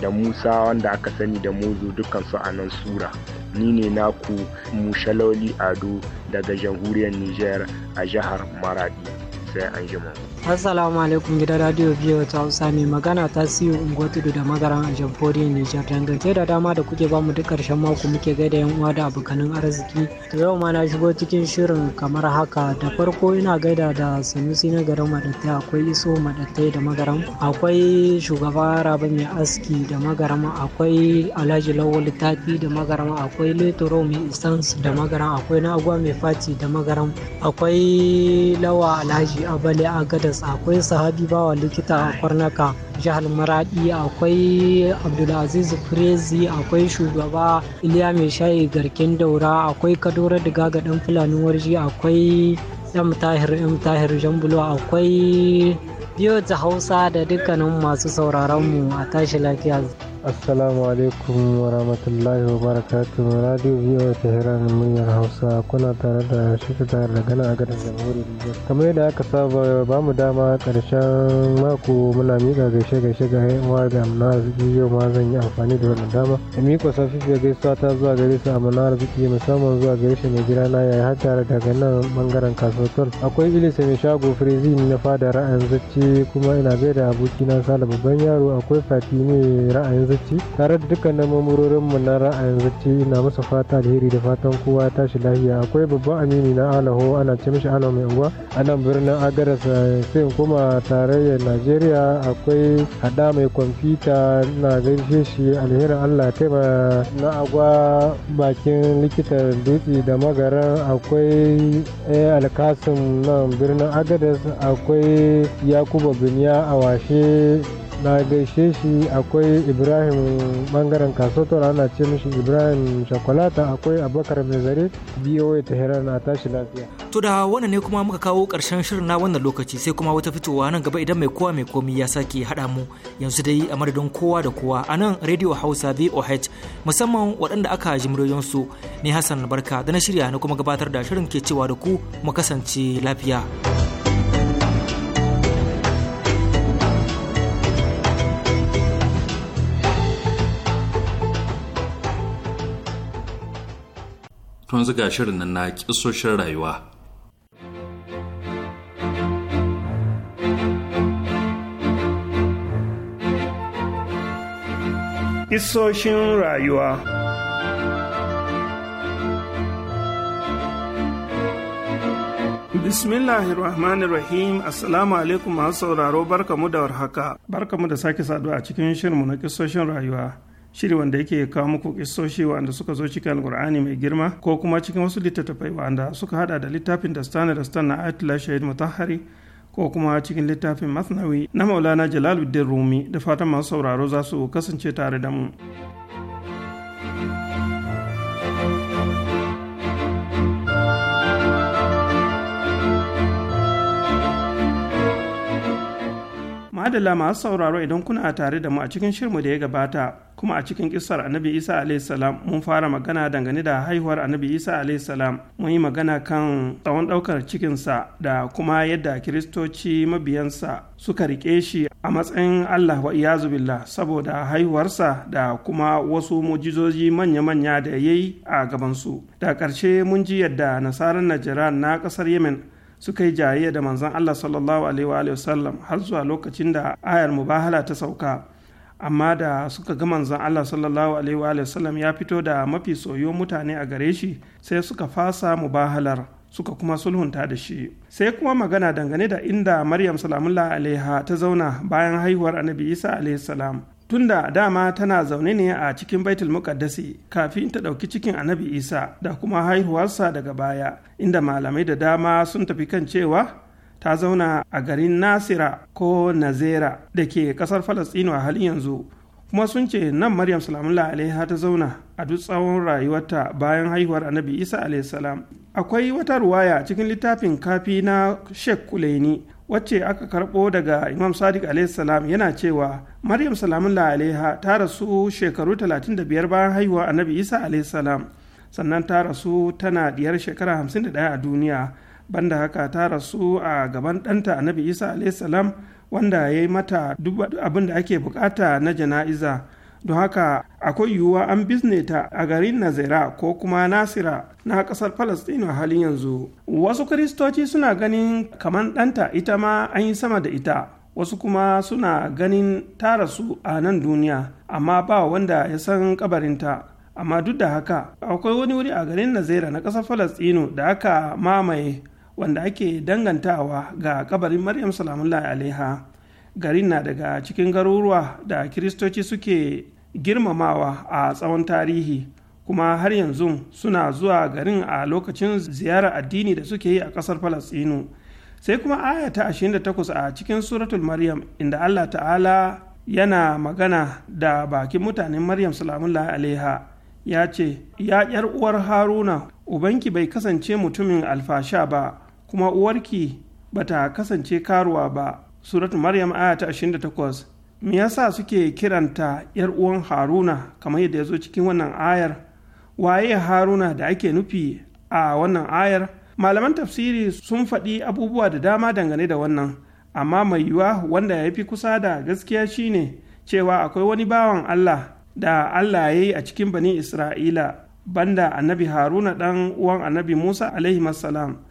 da musa wanda aka sani da mozo dukansu a nan sura ni ne naku mushaloli ado daga jamhuriyar Nijar a jihar maradi sai an jima. Assalamu alaikum gidan radio biyu ta Hausa mai magana ta siyo unguwar da magaran a jamhuriyar Nijar dangance da dama da kuke bamu duk ƙarshen mako muke gaida yan uwa da abokanin arziki. To yau ma na shigo cikin shirin kamar haka da farko ina gaida da Sanusi na garin Madattai akwai Iso Madattai da magaran. akwai shugaba Rabi mai aski da magaran. akwai Alhaji Lawal littafi da magaran. akwai Letoro mai Isans da magaran. akwai Nagwa mai Fati da magaran. akwai Lawa Alhaji Abale Agada akwai sahabi bawa likita a kwarnaka jihar maradi akwai abdulaziz firezi akwai shugaba iliya mai shayi garken daura akwai kadora daga gaɗan fulani warji akwai yam tahir yan tahir jambulo akwai biyo ta hausa da dukkanin masu sauraron mu a tashi lafiya assalamu alaikum wa rahmatullahi wa barakatuh radio biyo ta hiran muryar hausa kuna tare da shi ta tare da gana a gada jamhuriyar niger kamar yadda aka saba ba mu dama karshen mako muna miƙa gaishe gaishe ga yawa da amina arziki yau ma zan yi amfani da wannan dama da miƙa ga gaisuwa ta zuwa gare su amina arziki musamman zuwa gare shi mai gida na yayi har tare daga nan bangaren kasuwar akwai ilisa mai shago firizi na fada ra'ayin zacce kuma ina gaida abokina da babban yaro akwai fatime ra'ayin zacce zuci tare da dukkanin mamurorin mu na ra'ayin zuci na masa fata alheri da fatan kowa ya tashi lafiya akwai babban amini na alaho ana ce mishi alaho mai uwa. a nan birnin agada sai in kuma tarayyar najeriya akwai hada mai kwamfuta na gaishe shi alherin allah ba na agwa bakin likitan dutse da magaran akwai eh, alkasim nan birnin agadas akwai yakuba biniya a washe na gaishe shi akwai ibrahim bangaren kasotor ana ce mishi ibrahim shakwalata akwai abubakar mai zare ta hira na tashi lafiya to da wannan ne kuma muka kawo karshen shirin na wannan lokaci sai kuma wata fitowa nan gaba idan mai kowa mai komi ya sake haɗa mu yanzu dai a madadin kowa da kowa a nan radio hausa voh musamman waɗanda aka ji su ni hassan barka da na shirya na kuma gabatar da shirin ke cewa da ku mu kasance lafiya. to yanzu ga shirin na kisoshin rayuwa. Isoshin rayuwa Rahim Assalamu alaikum masu sauraro barkamu da warhaka barkamu da sake saduwa a cikin shirinmu na kisoshin rayuwa shiri wanda yake kawo muku kisoshi wanda suka zo cikin alkur'ani mai girma ko kuma cikin wasu littattafai wanda suka hada da littafin da dastan na atila shahid mutahari ko kuma cikin littafin masnawi na maulana jalaluddin rumi da fatan masu sauraro za su kasance tare da mu. madalla masu sauraro idan kuna tare da mu a cikin shirmu da ya gabata kuma a cikin kisar annabi isa alaihissalam mun fara magana dangane da haihuwar annabi isa alaihissalam mun yi magana kan tsawon ɗaukar cikinsa da kuma yadda kiristoci mabiyansa suka riƙe shi a matsayin allah wa iyazu billah saboda haihuwarsa da kuma wasu mujizoji manya-manya da ya yi a gabansu da ƙarshe mun ji yadda nasarar najiran na ƙasar yemen suka yi jayayya da manzon Allah sallallahu alaihi wa sallam har zuwa lokacin da ayar mubahala ta sauka amma da suka ga manzon Allah sallallahu alaihi wa sallam ya fito da mafi soyo mutane a gare shi sai suka fasa mubahalar suka kuma sulhunta da shi sai kuma magana dangane da inda maryam salamullah alaiha ta zauna bayan haihuwar annabi isa alaihi salam tunda dama tana zaune ne a cikin baitul muqaddasi kafin ta ɗauki cikin annabi isa da kuma haihuwarsa daga baya inda malamai da dama sun tafi kan cewa ta zauna a garin nasira ko nazera da ke ƙasar falastinu a halin yanzu kuma sun ce nan maryam salamullah alaiha ta zauna a duk tsawon rayuwarta bayan haihuwar annabi isa alaihissalam akwai wata ruwaya cikin littafin kafi na shek kulaini wacce aka karɓo daga imam sadiq salam yana cewa maryam salamullah alaiha ta rasu shekaru 35 bayan haihuwa annabi isa salam sannan ta rasu tana diyar shekara 51 a duniya banda haka ta rasu a gaban ɗanta annabi isa salam wanda ya yi mata duk abin da ake bukata na jana'iza don haka akwai yiwuwa an bizne ta a garin nazira ko kuma nasira na kasar palestina halin yanzu wasu kiristoci suna ganin kamar ɗanta ita ma an yi sama da ita wasu kuma suna ganin ta rasu a nan duniya amma ba wanda ya san kabarinta amma duk da haka akwai wani wuri a garin nazira na kasar palestina da aka mamaye wanda ake dangantawa ga kabarin maryam salamullahi alaiha garin na daga cikin garuruwa da kiristoci suke girmamawa a tsawon tarihi kuma har yanzu suna zuwa garin a lokacin ziyarar addini da suke yi a ƙasar falasɗinu sai kuma aya ta 28 a cikin suratul maryam inda allah ta'ala yana magana da bakin mutanen maryam salamullahi alaiha ya ce ya yar uwar haruna ubanki bai kasance mutumin alfasha ba kuma uwarki bata kasance karuwa ba suratul maryam aya ta 28 me yasa suke kiranta yar uwan haruna kamar yadda ya zo cikin wannan ayar waye haruna da ake nufi a wannan ayar malaman tafsiri sun faɗi abubuwa da dama dangane da wannan amma mai yiwuwa wanda ya fi kusa da gaskiya shine cewa akwai wani bawan allah da allah ya yi a cikin bani isra'ila banda annabi haruna ɗan uwan annabi musa alaihi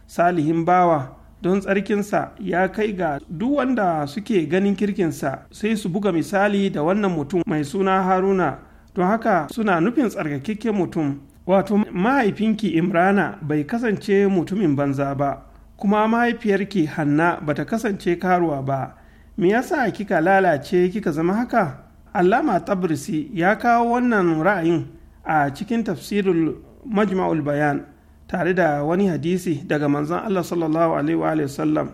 salihin bawa don tsarkinsa ya kai ga duk wanda suke ganin kirkinsa sai su buga misali da wannan mutum mai suna haruna don haka suna nufin tsarkakakken mutum wato mahaifinki imrana bai kasance mutumin banza ba kuma mahaifiyarki hanna bata kasance karuwa ba me yasa kika lalace kika zama haka Alama tabrisi ya kawo wannan ra'ayin a cikin tafsirul majma'ul bayan tare da wani hadisi daga manzon Allah sallallahu alaihi wa sallam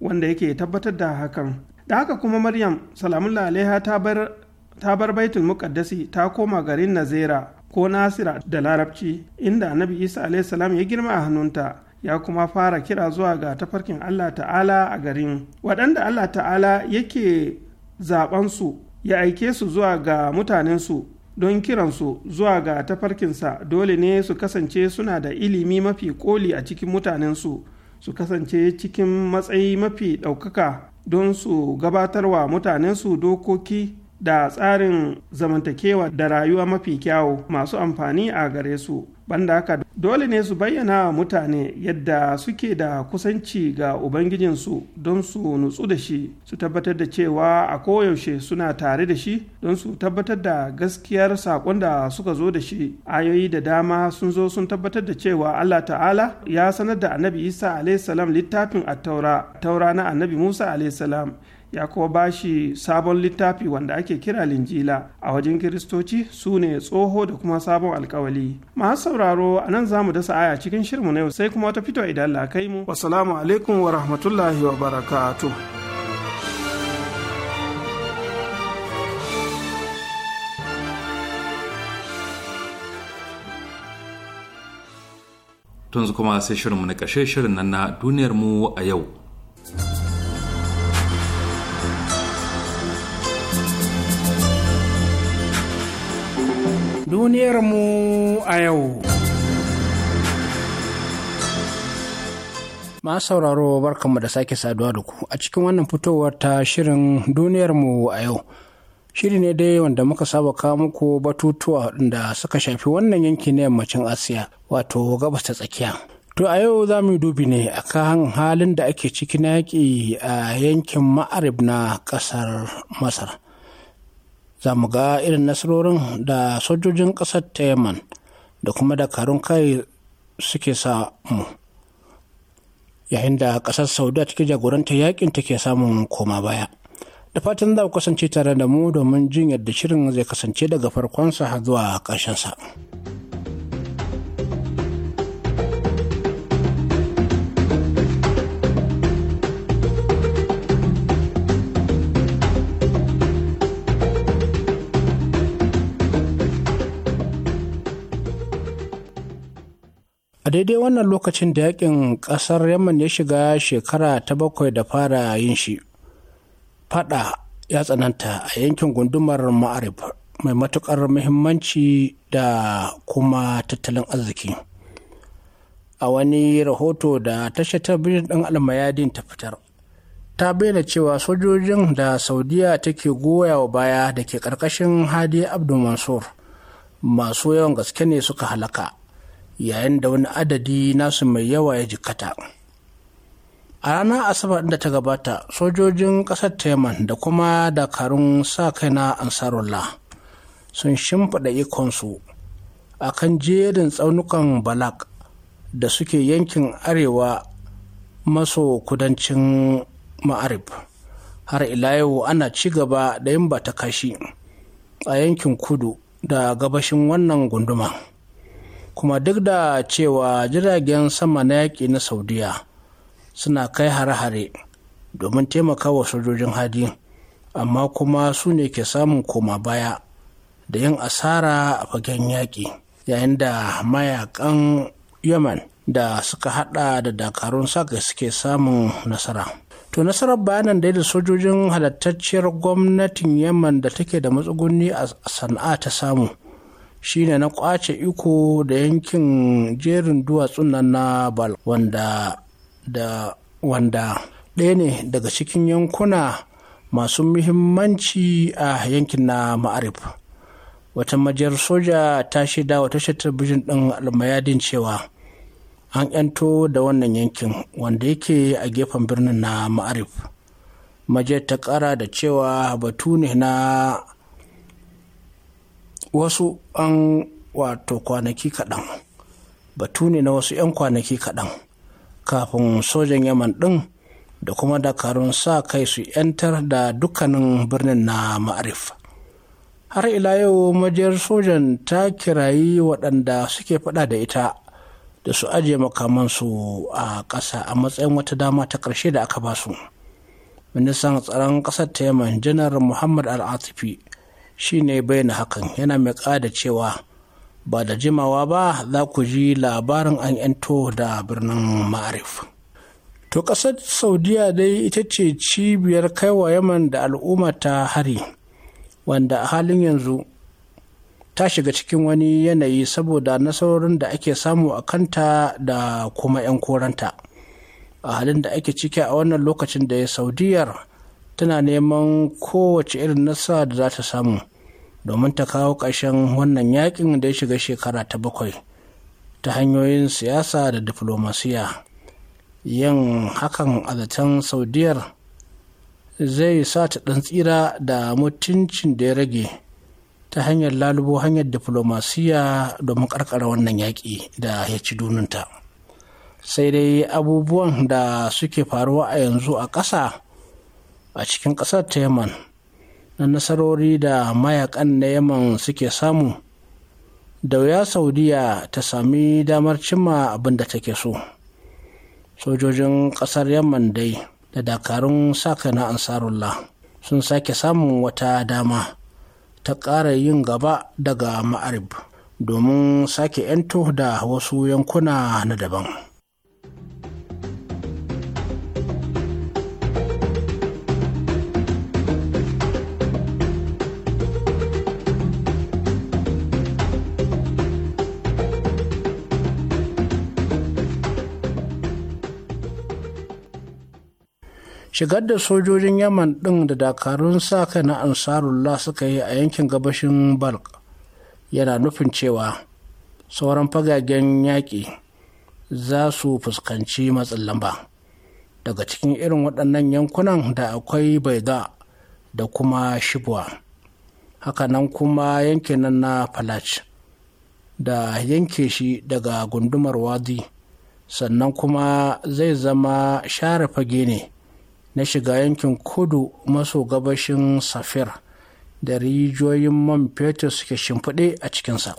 wanda yake tabbatar da hakan da haka kuma maryam salamullah alaiha ta bar ta bar baitul muqaddasi ta koma garin nazera ko nasira da larabci inda annabi isa alaihi salam ya girma a hannunta ya kuma fara kira zuwa ga tafarkin Allah ta'ala a garin waɗanda Allah ta'ala yake zaɓansu ya aike su zuwa ga mutanensu don kiransu zuwa ga tafarkinsa dole ne su kasance suna da ilimi mafi koli a cikin mutanensu su kasance cikin matsayi mafi ɗaukaka don su gabatar wa mutanensu dokoki da tsarin zamantakewa da rayuwa mafi kyawu masu amfani a gare su banda haka dole ne su bayyana wa mutane yadda suke da kusanci ga ubangijinsu don su nutsu da shi su tabbatar da cewa a koyaushe suna tare da shi don su tabbatar da gaskiyar saƙon da suka zo da shi ayoyi da dama sun zo sun tabbatar da cewa allah ta'ala ya sanar da annabi isa a.s. littafin attaura taura na annabi musa a.s. ya kuma ba shi sabon littafi wanda ake kira linjila a wajen kiristoci su ne tsoho da kuma sabon alkawali masu sauraro a nan za mu dasa aya cikin shirmu na yau sai kuma wata fito idan la kai mu wasalamu alaikum wa rahmatullahi wa barakatu. tun tunzu kuma sai shirinmu na ƙashe shirin nan na duniyarmu a yau. duniyar mu a yau. Masu sauraro barkanmu da sake saduwa da ku a cikin wannan fitowar ta shirin duniyarmu a yau. Shiri ne dai wanda muka saba kawo muku batutuwa da suka shafi wannan yanki na yammacin Asiya wato gabas ta tsakiya. To a yau za mu yi dubi ne a kan halin da ake ciki na yaƙi a yankin ma'arib na ƙasar Masar. za mu ga irin nasarorin da sojojin ƙasar ta yaman da kuma dakarun kai suke samu mu yayin da ƙasar saudiya cikin jagoranta yakin take samun koma baya da fatan za ku kasance tare da mu domin jin yadda shirin zai kasance daga farkonsa zuwa ƙarshensa. sa a daidai wannan lokacin da yakin ƙasar yaman ya shiga shekara ta bakwai da fara yin shi fada ya tsananta a yankin gundumar ma'arif mai matukar muhimmanci da kuma tattalin arziki a wani rahoto da tashar talabijin ɗin almayadin ta fitar ta bayyana cewa sojojin da saudiya take goya wa baya da ke ƙarƙashin hadi abdul mansur masu yawan gaske ne suka halaka yayin da wani adadi nasu mai yawa ya jikata a ranar asabar da ta gabata sojojin ƙasar taiman da kuma dakarun sa kai na ansarullah sun shimfiɗa ikonsu a kan jerin tsaunukan balak da suke yankin arewa maso kudancin ma'arib har ila yau ana ci gaba da yin ba ta kashi a yankin kudu da gabashin wannan gunduma. kuma duk da cewa jiragen sama na yaƙi na saudiya suna kai hare-hare domin taimakawa sojojin hadi amma kuma su ne ke samun koma baya da yin asara a fagen yaƙi yayin da mayakan yaman da suka hada da dakarun saka suke samun nasara to nasarar bayanan da sojojin halattacciyar gwamnatin yaman da take da matsuguni a sana'a ta samu shine na kwace iko da yankin jerin duwatsun nan na bal wanda da wanda ɗaya ne daga cikin yankuna masu muhimmanci a yankin na ma'arif wata majiyar soja ta shaida wa tashar talabijin ɗin almayadin cewa an 'yanto da wannan yankin wanda yake a gefen birnin na ma'arif majiyar ta ƙara da cewa batu ne na wasu an wato kwanaki kaɗan batu ne na wasu 'yan kwanaki kaɗan kafin sojan yaman ɗin da kuma dakarun sa kai su 'yantar da dukkanin birnin na ma'arif har ila yau majiyar sojan ta kirayi waɗanda suke faɗa da ita da su ajiye makamansu a ƙasa a matsayin wata dama ta ƙarshe da aka ba su. ministan tsaron ƙasar ta yaman janar muhammad al-atifi shi ne bayyana hakan yana mai ƙada cewa ba da jimawa ba za ku ji labarin an yanto da birnin ma'arif to ƙasar saudiya dai ita ce cibiyar kaiwa yaman da al'umma ta hari wanda a halin yanzu ta shiga cikin wani yanayi saboda nasarorin da ake samu a kanta da kuma 'yan koranta a halin da ake ciki a wannan lokacin da ya saudiyar tana neman kowace irin nasa da za ta samu domin ta kawo ƙarshen wannan yakin da ya shiga shekara ta bakwai ta hanyoyin siyasa da diflomasiya yin hakan a zaton saudiyar zai sa ta ɗan tsira da mutuncin da ya rage ta hanyar lalubo hanyar diflomasiya domin karkara wannan yaƙi da ya ci duninta sai dai abubuwan da suke faruwa a yanzu a ƙasa a cikin ƙasar ta yaman na nasarori da mayakan na yaman suke samu da wuya saudiya ta sami damar cimma abin da take so sojojin ƙasar yaman dai da dakarun sa na ansarullah sun sake samun wata dama ta ƙara yin gaba daga ma'arib domin sake 'yanto da wasu yankuna na daban. shigar da sojojin yaman ɗin da dakarun sa kai na ansarullah suka yi a yankin gabashin balk yana nufin cewa sauran fagagen yaƙi za su fuskanci matsin lamba daga cikin irin waɗannan yankunan da akwai baida da kuma shibwa hakanan kuma yankin nan na falaj da yanke shi daga gundumar wadi sannan kuma zai zama share fage ne na shiga yankin kudu maso gabashin safir da rijiyoyin man fetur suke shimfiɗe a cikinsa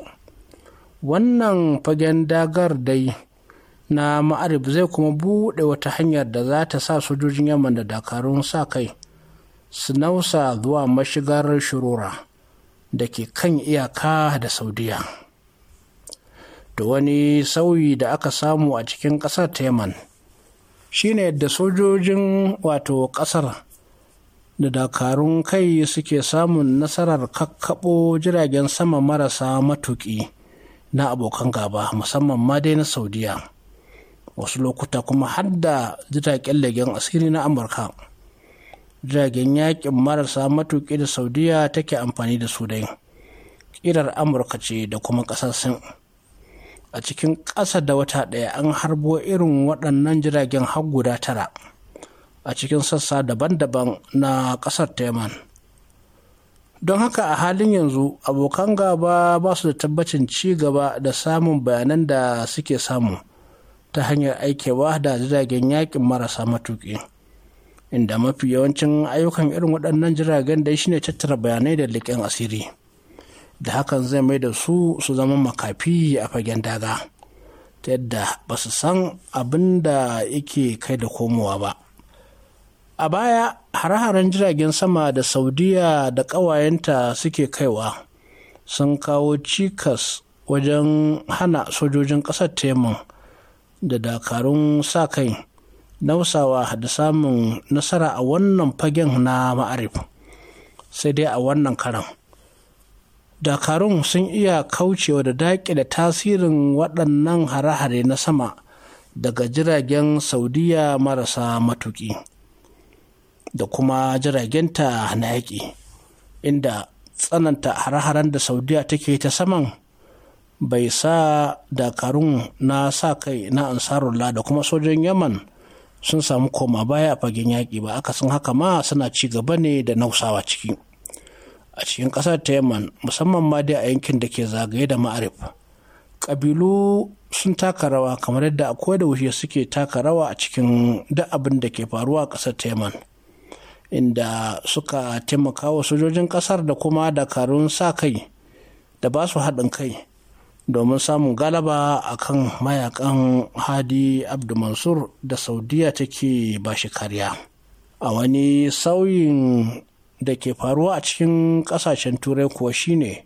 wannan fagen dagar dai na ma'arib zai kuma buɗe wata hanyar da za ta sa sojojin yamma da dakarun sa kai su nausa zuwa mashigar shurura da ke kan iyaka da saudiya da wani sauyi da aka samu a cikin ƙasar ta yaman shine yadda sojojin wato ƙasar da dakarun kai suke samun nasarar kakkaɓo jiragen sama marasa matuki na abokan gaba musamman ma dai na saudiya wasu lokuta kuma hadda jiragen legen asiri na amurka jiragen yakin marasa matuƙi da saudiya take amfani da su dai ƙirar amurka ce da kuma ƙasar sin a cikin ƙasa da wata ɗaya an harbo irin waɗannan jiragen har guda tara a cikin sassa daban-daban na ƙasar taiman don haka a halin yanzu abokan gaba ba su da tabbacin ci gaba da samun bayanan da suke samu ta hanyar aikewa da jiragen yakin marasa matuƙi inda mafi yawancin ayyukan irin waɗannan jiragen da shine tattara bayanai da liƙen asiri. da hakan zai mai da su su zama makafi a fagen daga ta yadda ba su san abin da yake kai da komowa ba a baya hare-haren jiragen sama da saudiya da ƙawayenta suke kaiwa sun kawo cikas wajen hana sojojin ƙasar temun da dakarun sa kai nausawa da samun nasara a wannan fagen na ma'arif sai dai a wannan karan dakarun sun iya kaucewa da daƙi da tasirin waɗannan hare-hare na sama daga jiragen saudiya marasa matuƙi da kuma jiragenta na yaƙi inda tsananta hare-haren da saudiya take ta saman bai sa dakarun na sa kai na ansarullah da kuma sojin yaman sun samu koma baya a fagen yaƙi ba aka akasin haka ma suna ci gaba ne da nausawa ciki a cikin ƙasar ta yamman musamman ma dai a yankin da ke zagaye da ma'arif ƙabilu sun taka rawa kamar yadda akwai da wuce suke taka rawa a cikin duk abin da ke faruwa a ƙasar ta inda suka taimaka wa sojojin ƙasar da kuma dakarun sa kai da ba su haɗin kai domin samun galaba a kan mayakan hadi abdulmansur da saudiya take ba shi kariya a wani sauyin da ke faruwa a cikin ƙasashen turai kuwa shine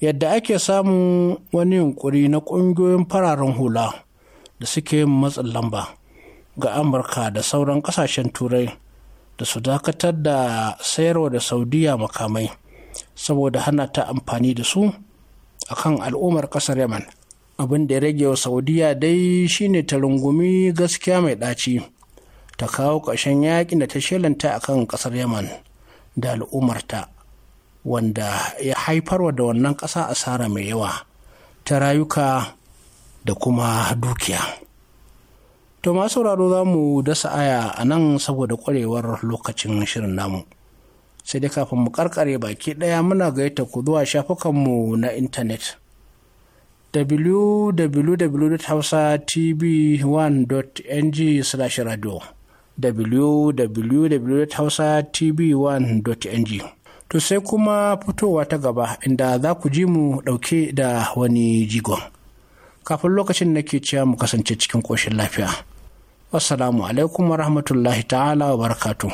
yadda ake samun wani yunkuri na ƙungiyoyin fararen hula da suke yin matsin lamba ga amurka da sauran ƙasashen turai da su dakatar da sayarwa da saudiya makamai saboda hana ta amfani da su a kan al'ummar ƙasar yaman abin da ya rage wa saudiya dai shine ta rungumi gaskiya mai ɗaci ta kawo ƙarshen yakin da ta shelanta a kan ƙasar yaman da al'ummarta wanda ya haifarwa da wannan ƙasa asara mai yawa ta rayuka da kuma dukiya. To masu sauraro za mu dasa aya a nan saboda ƙwarewar lokacin shirin namu. Sai dai kafin mu karkare baki ɗaya muna gaita ku zuwa shafukanmu na intanet. www.hausatv1.ng/radio www.hausatv1.ng to sai kuma fitowa ta gaba inda za ku ji mu ɗauke da wani jigon kafin lokacin nake cewa mu kasance cikin ƙoshin lafiya wassalamu alaikum wa rahmatullahi ta'ala wa barakatuh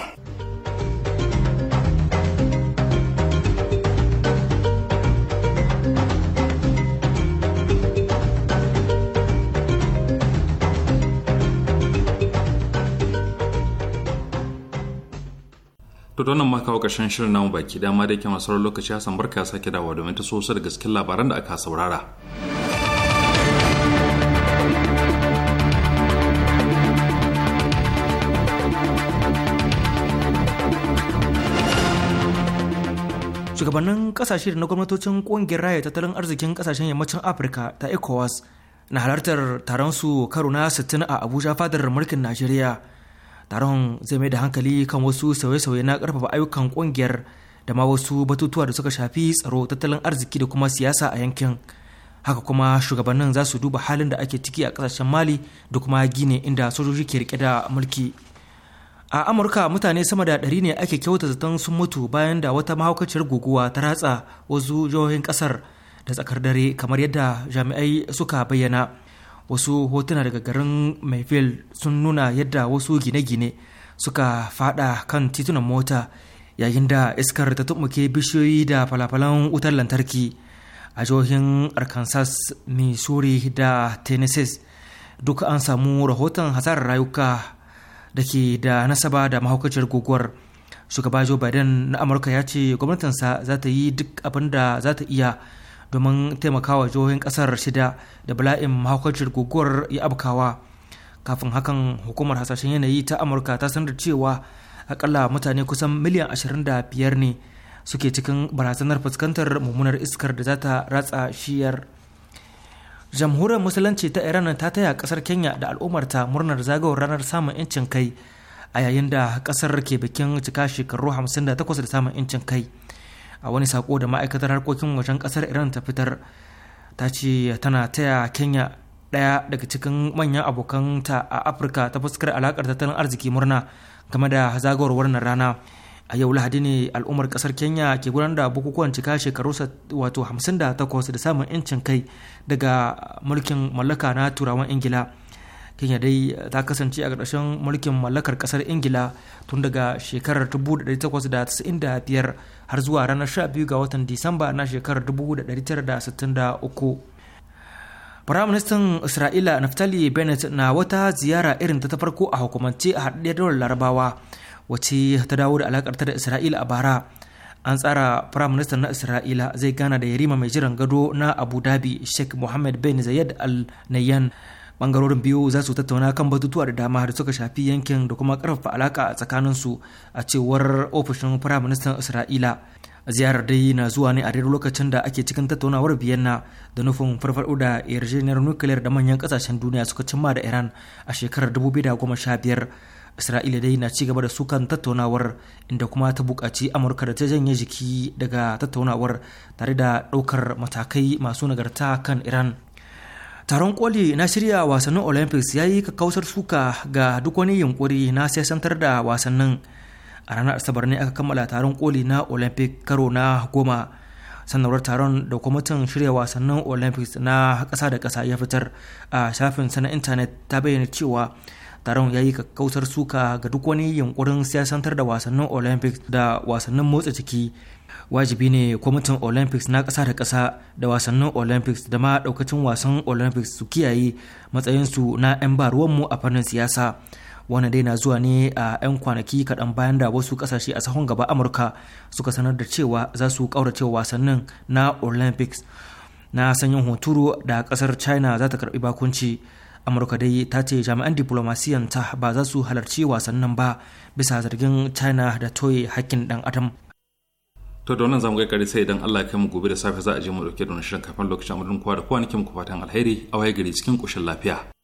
to don nan makawa ƙarshen shirin namu baki dama da yake masarar lokaci hasan barka sake dawa domin ta so da gaskin labaran da aka saurara shugabannin kasashe da na gwamnatocin kungiyar raya tattalin arzikin kasashen yammacin afirka ta ecowas na halartar taron su karo na 60 a abuja fadar mulkin najeriya taron zai mai da hankali kan wasu sauye-sauye na karfafa ayyukan kungiyar da ma wasu batutuwa da suka shafi tsaro tattalin arziki da kuma siyasa a yankin haka kuma shugabannin za su duba halin da ake ciki a kasashen mali da kuma gine inda sojoji ke rike da mulki a amurka mutane sama da ɗari ne ake kyauta zaton sun mutu bayan da wata mahaukaciyar guguwa ta ratsa wasu jihohin kasar da tsakar dare kamar yadda jami'ai suka bayyana wasu hotuna daga garin mayfield sun nuna yadda wasu gine-gine suka fada kan titunan mota yayin da iskar ta tumuke bishiyoyi da falafalan wutar lantarki a jihohin arkansas missouri da tennessee duka an samu rahoton hasarar rayuka da ke da nasaba da mahaukaciyar guguwar shugaba joe biden na amurka ya ce gwamnatinsa za ta yi duk abin da za ta iya domin taimakawa jihohin kasar shida da bala'in mahaukacin guguwar ya abkawa kafin hakan hukumar hasashen yanayi ta amurka ta sanar cewa akalla mutane kusan miliyan 25 ne suke cikin barazanar fuskantar mummunar iskar da za ta ratsa shiyar jamhuriyar musulunci ta iran ta taya kasar kenya da al'ummarta murnar zagawar ranar samun 'yancin kai a yayin da kasar ke bikin cika shekaru 58 da samun 'yancin kai a wani sako da ma'aikatar harkokin wajen kasar iran ta fitar ta ce tana taya kenya daya daga cikin manyan abokanta a afirka ta fuskar alakar tattalin arziki murna game da zagawar wannan rana a yau lahadi ne al'ummar kasar kenya ke gudanar da bukukuwan cika shekaru wato 58 da samun 'yancin kai daga mulkin mallaka na turawan ingila kenya dai eh, ta kasance a ƙarƙashin mulkin mallakar ƙasar ingila tun daga shekarar 1895 har zuwa ranar 12 ga watan disamba na shekarar 1963 Firaministan Isra'ila Naftali Bennett na wata ziyara irin ta farko a hukumance a haɗe da Larabawa wace ta dawo da alakarta da Isra'ila a bara. An tsara Firaministan na Isra'ila zai gana da yarima mai jiran gado na Abu Dhabi Sheikh Mohammed bin Zayed Al Nayyan bangarorin biyu za su tattauna kan batutuwa da dama da suka shafi yankin da kuma karfafa alaka a tsakaninsu a cewar ofishin firaministan isra'ila ziyarar dai na zuwa ne a daidai lokacin da ake cikin tattaunawar biyanna da nufin farfaɗo da yarjejeniyar nukiliyar da manyan kasashen duniya suka cimma da iran a shekarar 2015 isra'ila dai na cigaba da sukan tattaunawar inda kuma ta buƙaci amurka da ta janye jiki daga tattaunawar tare da ɗaukar matakai masu nagarta kan iran taron koli na shirya wasannin olympics ya yi kakausar suka ga duk wani yunkuri na siyasantar da wasannin a ranar asabar ne aka kammala taron koli na olympic karo na goma sanarwar taron da kwamitin shirya wasannin olympics na ƙasa da ƙasa ya fitar a shafin sana intanet ta bayyana cewa taron ya yi kausar suka ga duk wani yunkurin siyasantar da wasannin olympics da wasannin motsa jiki wajibi ne kwamitin olympics na kasa da kasa da wasannin olympics da ma ɗaukacin wasan olympics su kiyaye matsayinsu na 'yan baruwanmu a fannin siyasa wannan dai na zuwa ne a 'yan kwanaki kaɗan bayan da wasu ƙasashe a sahun gaba amurka suka sanar da cewa za su ƙaurace wasannin na olympics na sanyin hunturu da ƙasar china za ta karɓi bakunci amurka dai ta ce jami'an diplomasiyanta ta ba za su halarci wasannin ba bisa zargin china da toye hakkin dan adam to da wannan zamu kai sai idan Allah ya kai mu gobe da safe za a je mu dauke da wannan shirin kafin lokacin amurin kowa da kowa nake muku fatan alheri a waye gari cikin koshin lafiya